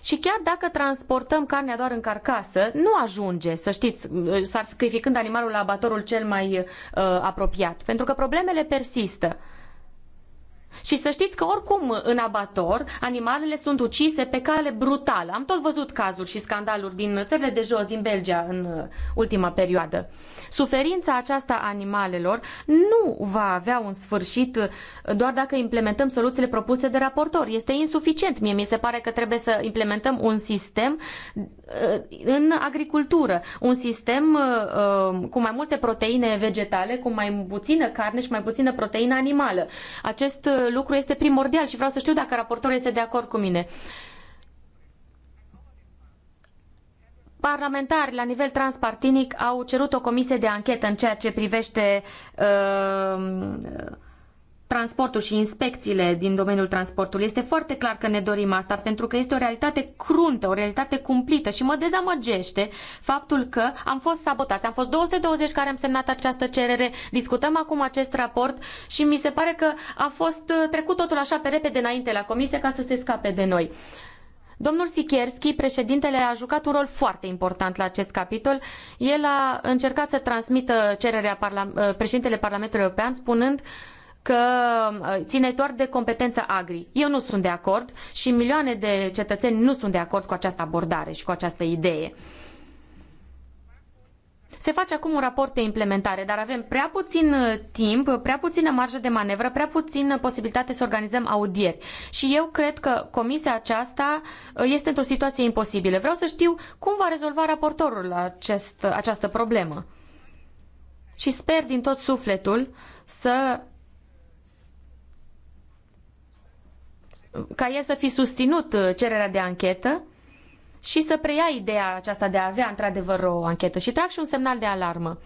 Speaker 2: Și chiar dacă transportăm carnea doar în carcasă, nu ajunge, să știți, sacrificând animalul la abatorul cel mai uh, apropiat, pentru că problemele persistă. Uh, și să știți că oricum în abator animalele sunt ucise pe cale brutală. Am tot văzut cazuri și scandaluri din țările de jos, din Belgia în uh, ultima perioadă. Suferința aceasta a animalelor nu va avea un sfârșit uh, doar dacă implementăm soluțiile propuse de raportor. Este insuficient. Mie mi se pare că trebuie să implementăm un sistem uh, în agricultură, un sistem cu mai multe proteine vegetale, cu mai puțină carne și mai puțină proteină animală. Acest lucru este primordial și vreau să știu dacă raportorul este de acord cu mine. Parlamentari la nivel transpartinic au cerut o comisie de anchetă în ceea ce privește uh, transportul și inspecțiile din domeniul transportului. Este foarte clar că ne dorim asta pentru că este o realitate cruntă, o realitate cumplită și mă dezamăgește faptul că am fost sabotați. Am fost 220 care am semnat această cerere, discutăm acum acest raport și mi se pare că a fost uh, trecut totul așa pe repede înainte la comisie ca să se scape de noi. Domnul Sikierski, președintele, a jucat un rol foarte important la acest capitol. El a încercat să transmită cererea parla- uh, președintele Parlamentului European spunând că uh, ține doar de competența agri. Eu nu sunt de acord și milioane de cetățeni nu sunt de acord cu această abordare și cu această idee. Se face acum un raport de implementare, dar avem prea puțin uh, timp, prea puțină marjă de manevră, prea puțin posibilitate să organizăm audieri. Și eu cred că comisia aceasta uh, este într-o situație imposibilă. Vreau să știu cum va rezolva raportorul acest, această problemă. Și sper din tot sufletul să ca el să fi susținut uh, cererea de anchetă și să preia ideea aceasta de a avea într-adevăr o anchetă și trag și un semnal de alarmă.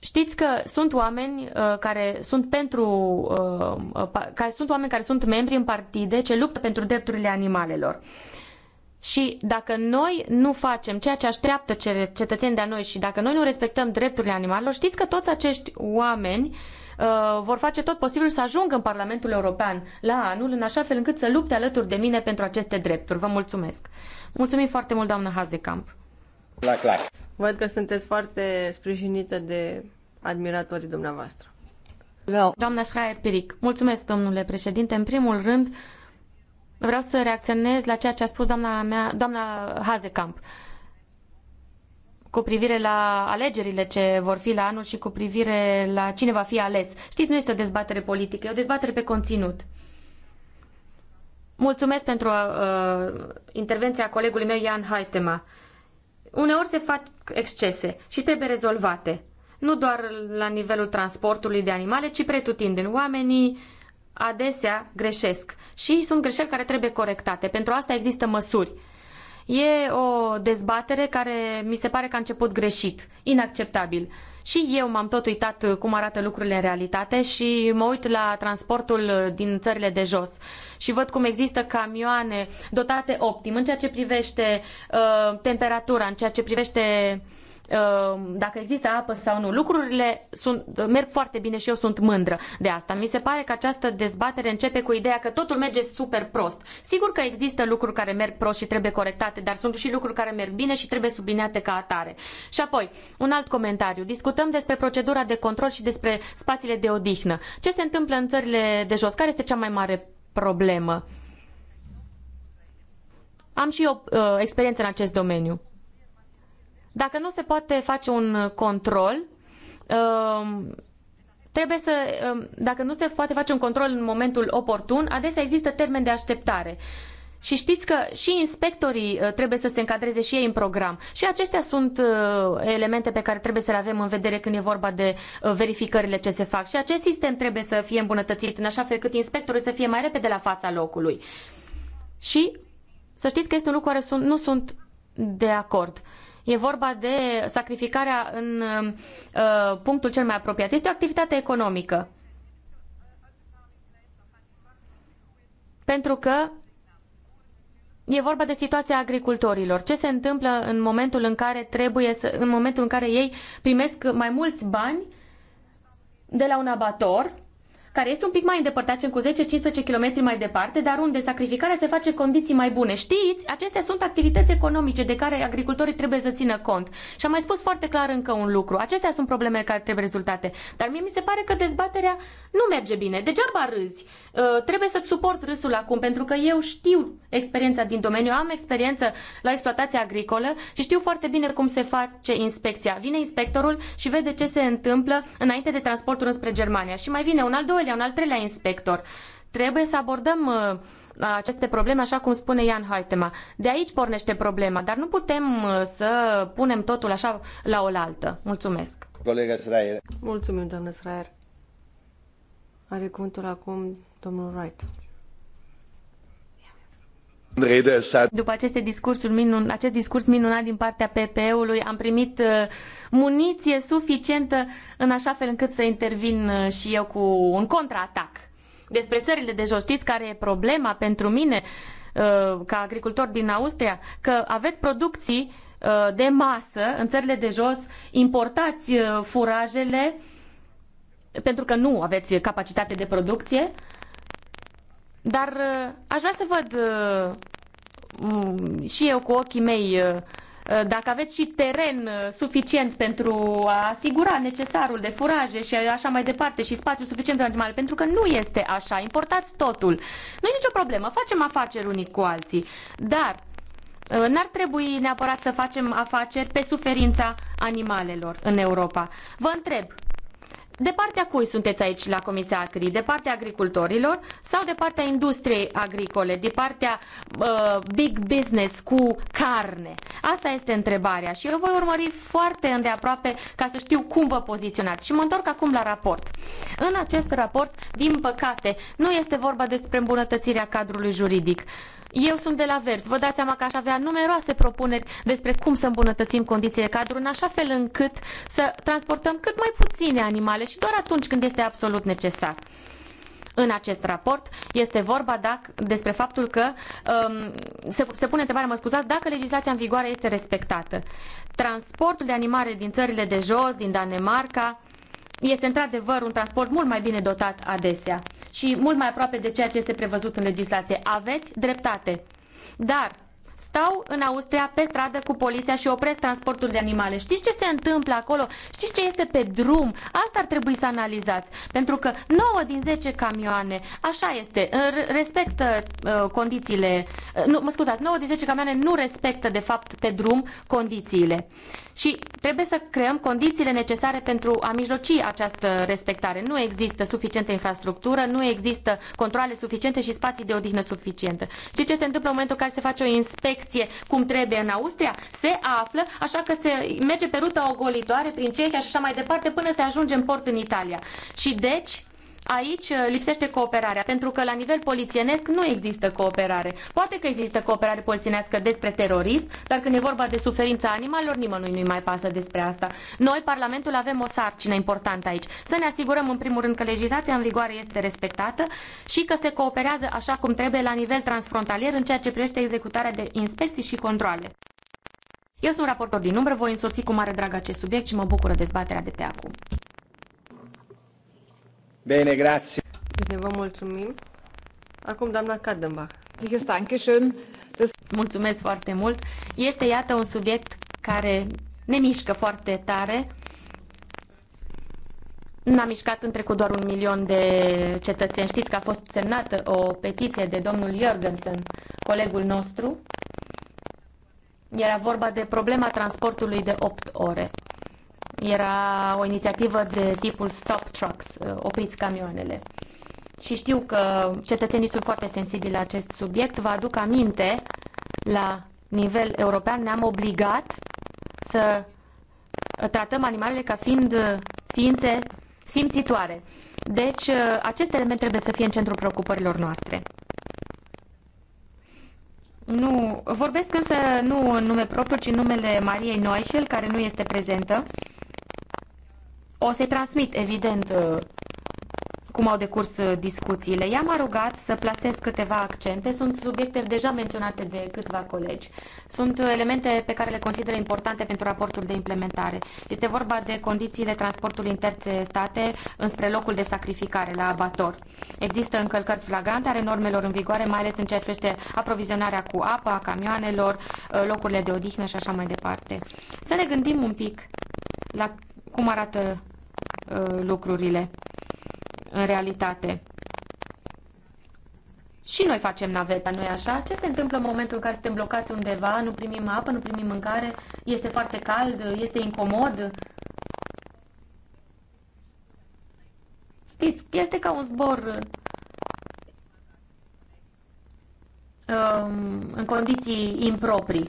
Speaker 2: Știți că sunt oameni uh, care sunt pentru uh, uh care sunt oameni care sunt membri în partide ce luptă pentru drepturile animalelor. Uh, și dacă noi nu facem ceea ce așteaptă cetățenii de-a noi și dacă noi nu respectăm drepturile animalelor, știți că toți acești oameni uh, vor face tot posibilul să ajungă în Parlamentul European la anul, în așa fel încât să lupte alături de mine pentru
Speaker 1: aceste drepturi. Vă mulțumesc! Mulțumim foarte mult, doamnă Hazekamp! La clar! Văd că sunteți foarte sprijinită de admiratorii dumneavoastră.
Speaker 2: Doamna Schreier Piric, mulțumesc, domnule președinte. În primul rând, vreau să reacționez la ceea ce a spus doamna, mea, doamna Hazekamp cu privire la alegerile ce vor fi la anul și cu privire la cine va fi ales. Știți, nu este o dezbatere politică, e o dezbatere pe conținut. Mulțumesc pentru uh, intervenția colegului meu, Ian Haitema. Uneori se fac excese și trebuie rezolvate. Nu doar la nivelul transportului de animale, ci pretutindeni. Oamenii uh, adesea greșesc și sunt greșeli care trebuie corectate. Pentru asta există măsuri. E o dezbatere care mi se pare că a început greșit, inacceptabil. Și eu m-am tot uitat cum arată lucrurile în realitate și mă uit la transportul din țările de jos și văd cum există camioane dotate optim în ceea ce privește uh, temperatura, în ceea ce privește uh, Ehm, dacă există apă sau nu. Lucrurile sunt, merg foarte bine și eu sunt mândră de asta. Mi se pare că această dezbatere începe cu ideea că totul merge super prost. Sigur că există lucruri care merg prost și trebuie corectate, dar sunt și lucruri care merg bine și trebuie subliniate ca atare. Și apoi, un alt comentariu. Discutăm despre procedura de control și despre spațiile de odihnă. Ce se întâmplă în țările de jos? Care este cea mai mare problemă? Am și eu uh, experiență în acest domeniu. Dacă nu se poate face un uh, control, um, trebuie să, um, dacă nu se poate face un control în momentul oportun, adesea există termen de așteptare. Și știți că și inspectorii uh, trebuie să se încadreze și ei în program. Și acestea sunt uh, elemente pe care trebuie să le avem în vedere când e vorba de verificările ce se fac. Și acest sistem trebuie să fie îmbunătățit în așa fel cât inspectorul să fie mai repede la fața locului. Și să știți că este un lucru care nu sunt de acord. Uh, E vorba de sacrificarea în uh, punctul cel mai apropiat. Este o activitate economică. Pentru că E vorba de situația agricultorilor. Ce se întâmplă în momentul în care trebuie să, în momentul în care ei primesc mai mulți bani de la un abator care este un pic mai îndepărtat, cu 10-15 km mai departe, dar unde sacrificarea se face condiții mai bune. Știți, acestea sunt activități economice de care agricultorii trebuie să țină cont. Și am mai spus foarte clar încă un lucru. Acestea sunt problemele care trebuie rezultate. Dar mie mi se pare că dezbaterea nu merge bine. Degeaba râzi. Uh, trebuie să-ți suport râsul acum, pentru că eu știu experiența din domeniu, am experiență la exploatația agricolă și știu foarte bine cum se face inspecția. Vine inspectorul și vede ce se întâmplă înainte de transportul înspre Germania. Și mai vine un al doilea, un al treilea inspector. Trebuie să abordăm uh, aceste probleme, așa cum spune Ian Haitema. De aici pornește problema, dar nu putem uh, să punem totul așa
Speaker 1: la oaltă. Mulțumesc. Colega Sraer. Mulțumim, doamnă Sraer. Are cuvântul acum Domnul Wright. După
Speaker 2: aceste discursuri minun, acest discurs minunat din partea PPE-ului, am primit uh, muniție suficientă în așa fel încât să intervin uh, și eu cu un contraatac. Despre țările de jos, știți care e problema pentru mine uh, ca agricultor din Austria? Că aveți producții de masă în țările de jos, importați furajele pentru că nu aveți capacitate de producție, dar uh, aș vrea să văd uh, și eu cu ochii mei uh, dacă aveți și teren suficient pentru a asigura necesarul de furaje și așa mai departe și spațiu suficient pentru animale, pentru că nu este așa, importați totul. Nu e nicio problemă, facem afaceri unii cu alții, dar n-ar trebui neapărat să facem afaceri pe suferința animalelor în Europa. Vă întreb, de partea cui sunteți aici la Comisia Agri? De partea agricultorilor sau de partea industriei agricole? De partea uh, big business cu carne? Asta este întrebarea și eu voi urmări foarte îndeaproape ca să știu cum vă poziționați. Și mă întorc acum la raport. În acest raport, din păcate, nu este vorba despre îmbunătățirea cadrului juridic. Eu sunt de la Vers. Vă dați seama că aș avea numeroase propuneri despre cum să îmbunătățim condițiile cadru în așa fel încât să transportăm cât mai puține animale și doar atunci când este absolut necesar. În acest raport este vorba dacă, despre faptul că um, se, se pune întrebarea, mă scuzați, dacă legislația în vigoare este respectată. Transportul de animale din țările de jos, din Danemarca, este într-adevăr un transport mult mai bine dotat adesea și mult mai aproape de ceea ce este prevăzut în legislație. Aveți dreptate. Dar stau în Austria pe stradă cu poliția și opresc transportul de animale. Știți ce se întâmplă acolo? Știți ce este pe drum? Asta ar trebui să analizați. Pentru că 9 din 10 camioane, așa este, respectă uh, condițiile, uh, nu, mă scuzați, 9 din 10 camioane nu respectă de fapt pe drum condițiile. Și trebuie să creăm condițiile necesare pentru a mijloci această respectare. Nu există suficientă infrastructură, nu există controle suficiente și spații de odihnă suficientă. Și ce se întâmplă în momentul în care se face o inspecție protecție cum trebuie în Austria, se află, așa că se merge pe ruta ogolitoare prin Cehia și așa mai departe până se ajunge în port în Italia. Și deci Aici uh, lipsește cooperarea, pentru că la nivel polițienesc nu există cooperare. Poate că există cooperare polițienească despre terorism, dar când e vorba de suferința animalelor, nimănui nu-i mai pasă despre asta. Noi, Parlamentul, avem o sarcină importantă aici. Să ne asigurăm, în primul rând, că legislația în vigoare este respectată și că se cooperează așa cum trebuie la nivel transfrontalier în ceea ce privește executarea de inspecții și controle. Eu sunt raportor din umbră, voi însoți cu mare drag acest subiect și mă bucură dezbaterea de pe acum.
Speaker 1: Bine, grație.
Speaker 2: Bine, vă mulțumim. Acum doamna Kadenbach. Mulțumesc foarte mult. Este, iată, un subiect care ne mișcă foarte tare. N-a mișcat în trecut doar un milion de cetățeni. Știți că a fost semnată o petiție de domnul Jorgensen, colegul nostru. Era vorba de problema transportului de 8 ore. Era o inițiativă de tipul Stop Trucks, uh, opriți camioanele. Și știu că cetățenii sunt foarte sensibili la acest subiect. Vă aduc aminte, la nivel european ne-am obligat să tratăm animalele ca fiind uh, ființe simțitoare. Deci, uh, acest element trebuie să fie în centrul preocupărilor noastre. Nu, vorbesc însă nu în nume propriu, ci în numele Mariei Noișel, care nu este prezentă o să-i transmit, evident, uh, cum au decurs uh, discuțiile. I-am rugat să plasez câteva accente. Sunt subiecte deja menționate de câțiva colegi. Sunt uh, elemente pe care le consideră importante pentru raportul de implementare. Este vorba de condițiile transportului în terțe state înspre locul de sacrificare, la abator. Există încălcări flagrante ale normelor în vigoare, mai ales în ceea ce privește aprovizionarea cu apă, a camioanelor, locurile de odihnă și așa mai departe. Să ne gândim un pic la cum arată uh, lucrurile în realitate. Și noi facem naveta, nu-i așa? Ce se întâmplă în momentul în care suntem blocați undeva, nu primim apă, nu primim mâncare, este foarte cald, este incomod? Știți, este ca un zbor um, în condiții improprii.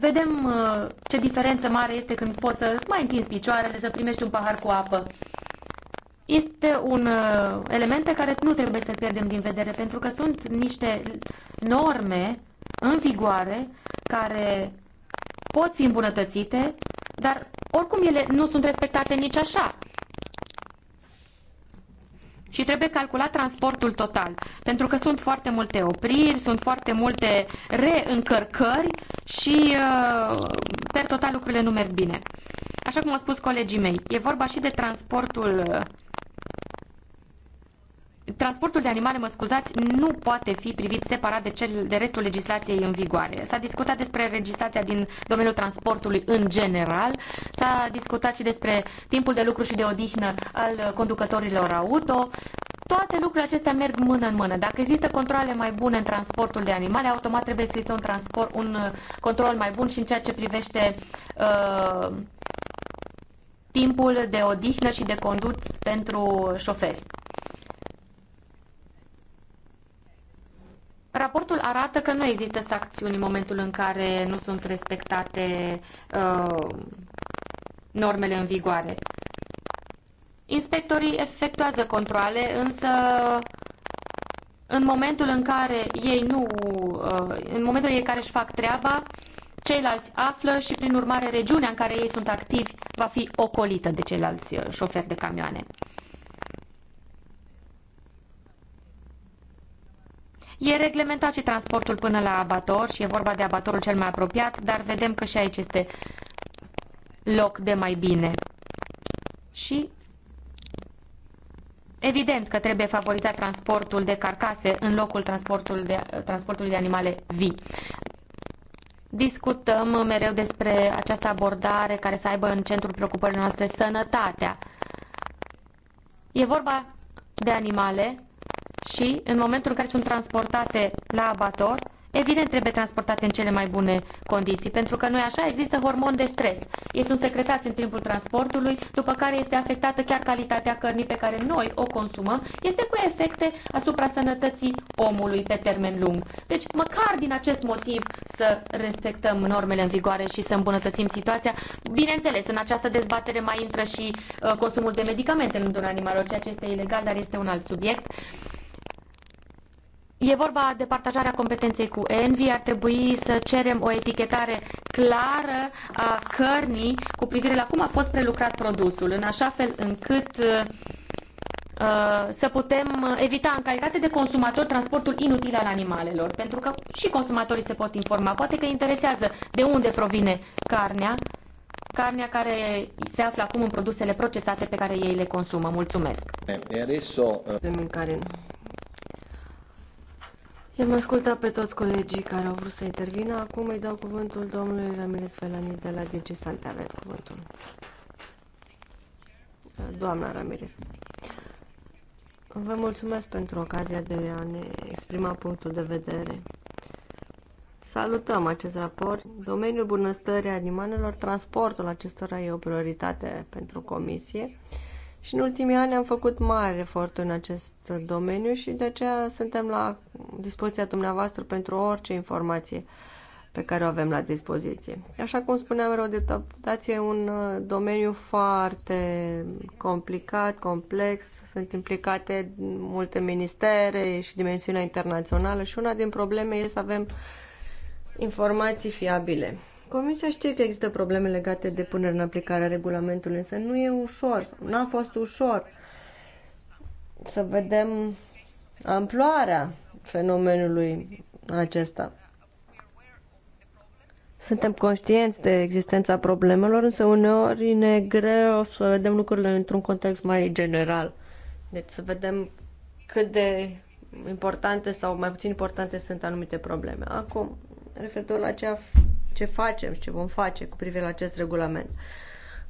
Speaker 2: Vedem uh, ce diferență mare este când poți să mai întinzi picioarele, să primești un pahar cu apă. Este un uh, element pe care nu trebuie să-l pierdem din vedere, pentru că sunt niște norme în vigoare care pot fi îmbunătățite, dar oricum ele nu sunt respectate nici așa și trebuie calculat transportul total, pentru că sunt foarte multe opriri, sunt foarte multe reîncărcări și uh, per total lucrurile nu merg bine. Așa cum au spus colegii mei, e vorba și de transportul transportul de animale, mă scuzați, nu poate fi privit separat de, cel, de restul legislației în vigoare. S-a discutat despre legislația din domeniul transportului în general, s-a discutat și despre timpul de lucru și de odihnă al conducătorilor auto. Toate lucrurile acestea merg mână în mână. Dacă există controle mai bune în transportul de animale, automat trebuie să existe un, transport, un uh, control mai bun și în ceea ce privește uh, timpul de odihnă și de condus pentru șoferi. Raportul arată că nu există sancțiuni în momentul în care nu sunt respectate uh, normele în vigoare. Inspectorii efectuează controle, însă în momentul în care ei nu, uh, în momentul în care își fac treaba, ceilalți află și prin urmare regiunea în care ei sunt activi va fi ocolită de ceilalți uh, șoferi de camioane. E reglementat și transportul până la abator și e vorba de abatorul cel mai apropiat, dar vedem că și aici este loc de mai bine. Și evident că trebuie favorizat transportul de carcase în locul transportului de, transportului de animale vii. Discutăm mereu despre această abordare care să aibă în centrul preocupării noastre sănătatea. E vorba de animale și, în momentul în care sunt transportate la abator, evident trebuie transportate în cele mai bune condiții, pentru că nu așa, există hormon de stres. Ei sunt secretați în timpul transportului, după care este afectată chiar calitatea cărnii pe care noi o consumăm, este cu efecte asupra sănătății omului pe termen lung. Deci, măcar din acest motiv să respectăm normele în vigoare și să îmbunătățim situația. Bineînțeles, în această dezbatere mai intră și uh, consumul de medicamente în rândul animalelor, ceea ce este ilegal, dar este un alt subiect. Uh, E vorba de partajarea competenței cu Envi, ar trebui să cerem o etichetare clară a cărnii cu privire la cum a fost prelucrat produsul, în așa fel încât uh, uh, să putem evita în calitate de consumator transportul inutil al animalelor, pentru că și consumatorii se pot informa. Poate că interesează de unde provine carnea, carnea care se află acum în produsele procesate pe care ei le consumă. Mulțumesc!
Speaker 1: E, e adesso... Uh, I-am ascultat pe toți colegii care au vrut să intervină. Acum îi dau cuvântul domnului Ramirez Felani de la DG Sante. Aveți cuvântul. Doamna Ramirez. Vă mulțumesc pentru ocazia de a ne exprima punctul de vedere. Salutăm acest raport. Domeniul bunăstării animalelor, transportul acestora e o prioritate pentru comisie. Și în ultimii ani am făcut mari eforturi în acest domeniu și de aceea suntem la dispoziția dumneavoastră pentru orice informație pe care o avem la dispoziție. Așa cum spuneam, eurodeputație e un uh, domeniu foarte complicat, complex, sunt implicate multe ministere și dimensiunea internațională și una din probleme e să avem informații fiabile. Comisia știe că există probleme legate de punerea în aplicare a regulamentului, însă nu e ușor, n-a fost ușor să vedem amploarea fenomenului acesta. Suntem conștienți de existența problemelor, însă uneori ne e greu să vedem lucrurile într-un context mai general. Deci să vedem cât de importante sau mai puțin importante sunt anumite probleme. Acum, referitor la ce a ce facem și ce vom face cu privire la acest regulament.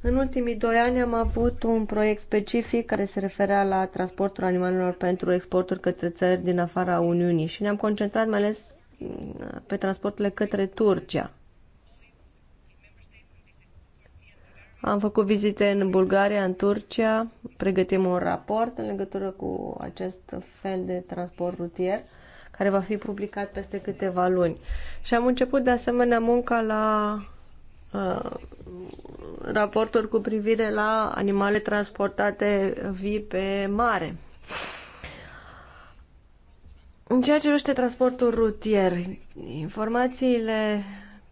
Speaker 1: În ultimii doi ani am avut un proiect specific care se referea la transportul animalelor pentru exporturi către țări din afara Uniunii și ne-am concentrat mai ales mm, pe transporturile către Turcia. Am făcut vizite în Bulgaria, în Turcia, pregătim un raport în legătură cu acest fel de transport rutier care va fi publicat peste câteva luni. Și am început de asemenea munca la uh, raporturi cu privire la animale transportate vii pe mare. În ceea ce privește transportul rutier, informațiile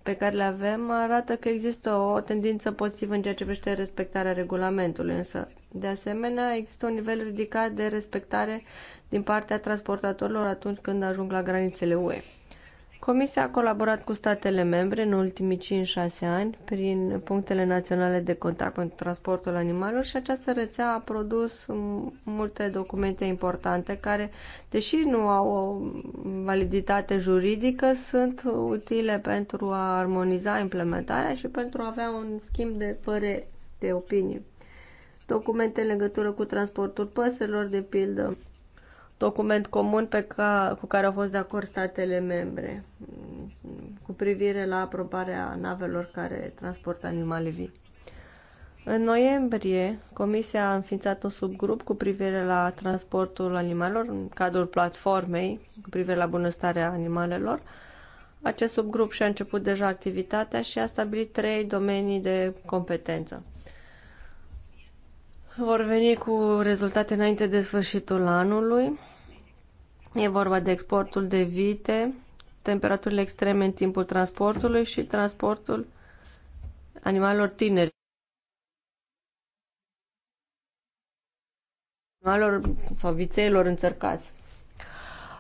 Speaker 1: pe care le avem arată că există o tendință pozitivă în ceea ce privește respectarea regulamentului, însă de asemenea, există un nivel ridicat de respectare din partea transportatorilor atunci când ajung la granițele UE. Comisia a colaborat cu statele membre în ultimii 5-6 ani prin punctele naționale de contact pentru transportul animalelor și această rețea a produs multe documente importante care, deși nu au o validitate juridică, sunt utile pentru a armoniza implementarea și pentru a avea un schimb de păreri, de opinii documente în legătură cu transportul păsărilor, de pildă, document comun pe ca, cu care au fost de acord statele membre cu privire la aprobarea navelor care transportă animale vii. În noiembrie, Comisia a înființat un subgrup cu privire la transportul animalelor în cadrul platformei cu privire la bunăstarea animalelor. Acest subgrup și-a început deja activitatea și a stabilit trei domenii de competență vor veni cu rezultate înainte de sfârșitul anului. E vorba de exportul de vite, temperaturile extreme în timpul transportului și transportul animalelor tineri. Animalelor sau vițeilor înțărcați.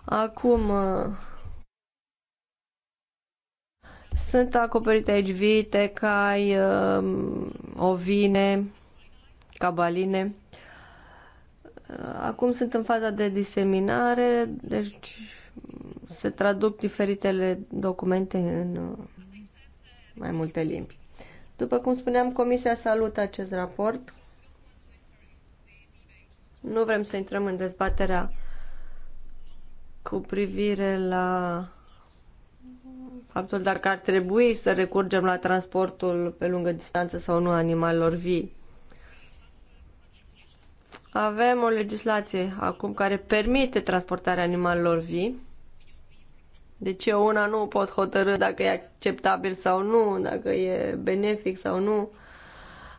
Speaker 1: Acum sunt acoperite aici vite, cai, um, ovine, cabaline. Acum sunt în faza de diseminare, deci se traduc diferitele documente în uh, mai multe limbi. După cum spuneam, Comisia salută acest raport. Nu vrem să intrăm în dezbaterea cu privire la faptul dacă ar trebui să recurgem la transportul pe lungă distanță sau nu animalelor vii. Avem o legislație acum care permite transportarea animalelor vii. Deci eu una nu pot hotărâ dacă e acceptabil sau nu, dacă e benefic sau nu,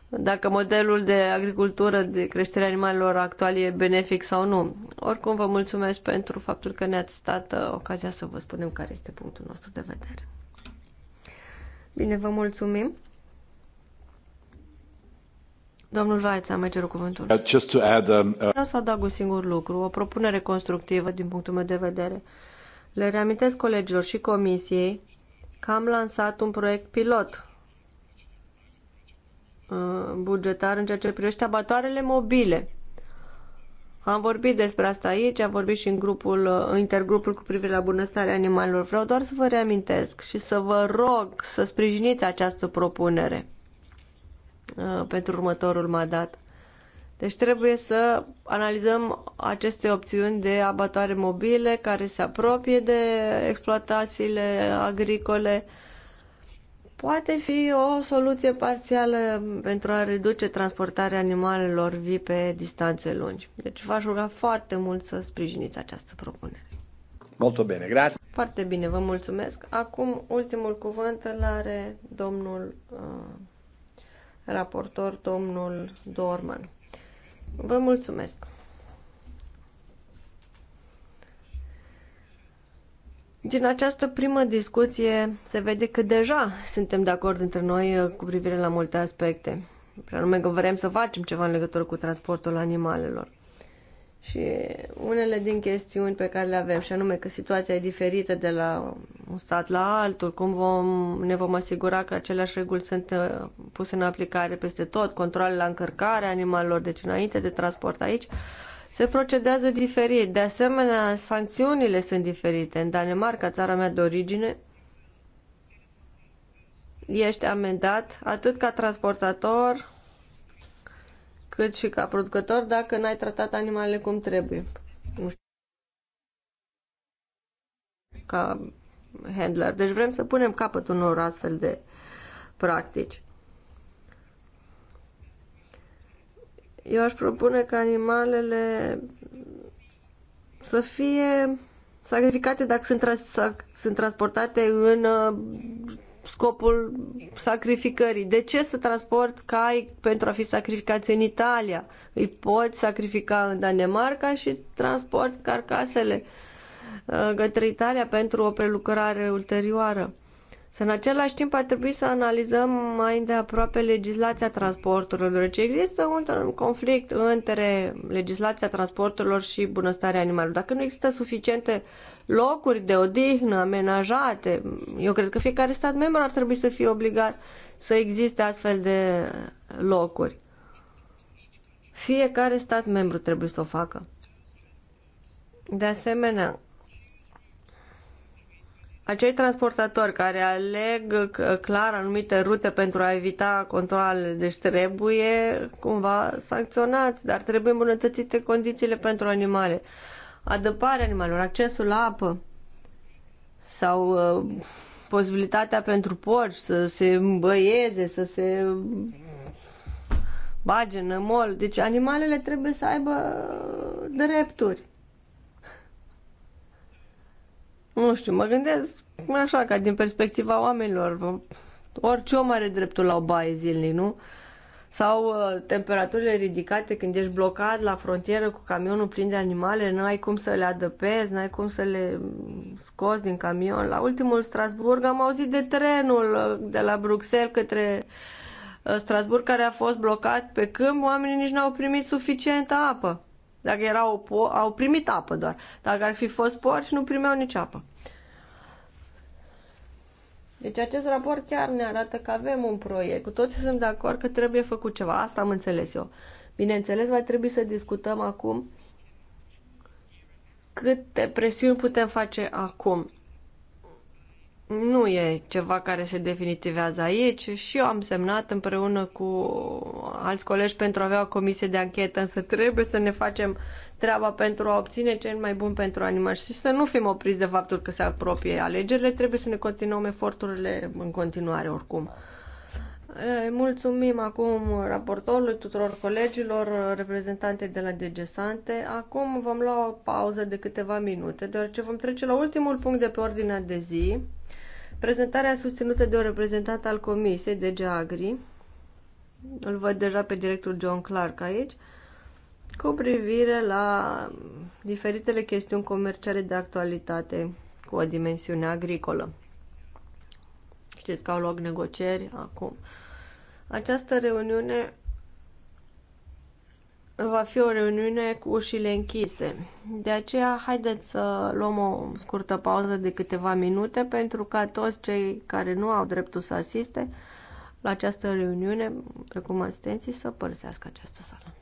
Speaker 1: dacă modelul de agricultură de creștere animalelor actual e benefic sau nu. Oricum vă mulțumesc pentru faptul că ne-ați dat uh, ocazia să vă spunem care este punctul nostru de vedere. Bine, vă mulțumim. Domnul Vaiț, am mai cerut cuvântul. Uh, just to add, um, uh... Vreau să adaug un singur lucru, o propunere constructivă din punctul meu de vedere. Le reamintesc colegilor și comisiei că am lansat un proiect pilot uh, bugetar în ceea ce privește abatoarele mobile. Am vorbit despre asta aici, am vorbit și în grupul, în uh, intergrupul cu privire la bunăstarea animalelor. Vreau doar să vă reamintesc și să vă rog să sprijiniți această propunere. Uh, pentru următorul mandat. Deci trebuie să analizăm aceste opțiuni de abatoare mobile care se apropie de exploatațiile agricole. Poate fi o soluție parțială pentru a reduce transportarea animalelor vii pe distanțe lungi. Deci v-aș ruga foarte mult să sprijiniți această propunere. Mult bine, grazie. Foarte bine, vă mulțumesc. Acum ultimul cuvânt îl are domnul uh, raportor, domnul Dorman. Vă mulțumesc! Din această primă discuție se vede că deja suntem de acord între noi uh, cu privire la multe aspecte. Prea anume că vrem să facem ceva în legătură cu transportul animalelor și unele din chestiuni pe care le avem, și anume că situația e diferită de la un stat la altul, cum vom, ne vom asigura că aceleași reguli sunt uh, puse în aplicare peste tot, Controlul la încărcare animalelor, deci înainte de transport aici, se procedează diferit. De asemenea, sancțiunile sunt diferite. În Danemarca, țara mea de origine, ești amendat atât ca transportator cât și ca producător dacă n-ai tratat animalele cum trebuie. Nu știu. Ca handler. Deci vrem să punem capăt unor astfel de practici. Eu aș propune ca animalele să fie sacrificate dacă sunt, tra- sunt transportate în uh, scopul sacrificării. De ce să transporti cai pentru a fi sacrificați în Italia? Îi poți sacrifica în Danemarca și transporti carcasele uh, către Italia pentru o prelucrare ulterioară. Să în același timp ar trebui să analizăm mai de aproape legislația transporturilor, deci există un conflict între legislația transporturilor și bunăstarea animalului. Dacă nu există suficiente locuri de odihnă amenajate. Eu cred că fiecare stat membru ar trebui să fie obligat să existe astfel de locuri. Fiecare stat membru trebuie să o facă. De asemenea, acei transportatori care aleg clar anumite rute pentru a evita controlele, deci trebuie cumva sancționați, dar trebuie îmbunătățite condițiile pentru animale adăparea animalelor, accesul la apă sau uh, posibilitatea pentru porci să se băieze, să se bage în mol. Deci animalele trebuie să aibă drepturi. Nu știu, mă gândesc așa, ca din perspectiva oamenilor, orice om are dreptul la o baie zilnic, nu? Uh, sau uh, temperaturile ridicate când ești blocat la frontieră cu camionul plin de animale, nu ai cum să le adăpezi, nu ai cum să le mm, scoți din camion. La ultimul Strasburg am auzit de trenul uh, de la Bruxelles către uh, Strasburg care a fost blocat pe câmp, oamenii nici n-au primit suficientă apă. Dacă erau, au primit apă doar. Dacă ar fi fost porci, nu primeau nici apă. Deci acest raport chiar ne arată că avem un proiect. Cu toții sunt de acord că trebuie făcut ceva. Asta am înțeles eu. Bineînțeles, va trebui să discutăm acum câte presiuni putem face acum nu e ceva care se definitivează aici și eu am semnat împreună cu alți colegi pentru a avea o comisie de anchetă, însă trebuie să ne facem treaba pentru a obține cel mai bun pentru animal și să nu fim opriți de faptul că se apropie alegerile, trebuie să ne continuăm eforturile în continuare oricum. Mulțumim acum raportorului, tuturor colegilor, reprezentante de la Degesante. Acum vom lua o pauză de câteva minute, deoarece vom trece la ultimul punct de pe ordinea de zi, prezentarea susținută de o reprezentant al Comisiei, de Agri, îl văd deja pe directul John Clark aici, cu privire la diferitele chestiuni comerciale de actualitate cu o dimensiune agricolă. Știți că au loc negocieri acum. Această reuniune va fi o reuniune cu ușile închise. De aceea, haideți să luăm o scurtă pauză de câteva minute pentru ca toți cei care nu au dreptul să asiste la această reuniune, precum asistenții, să părăsească această sală.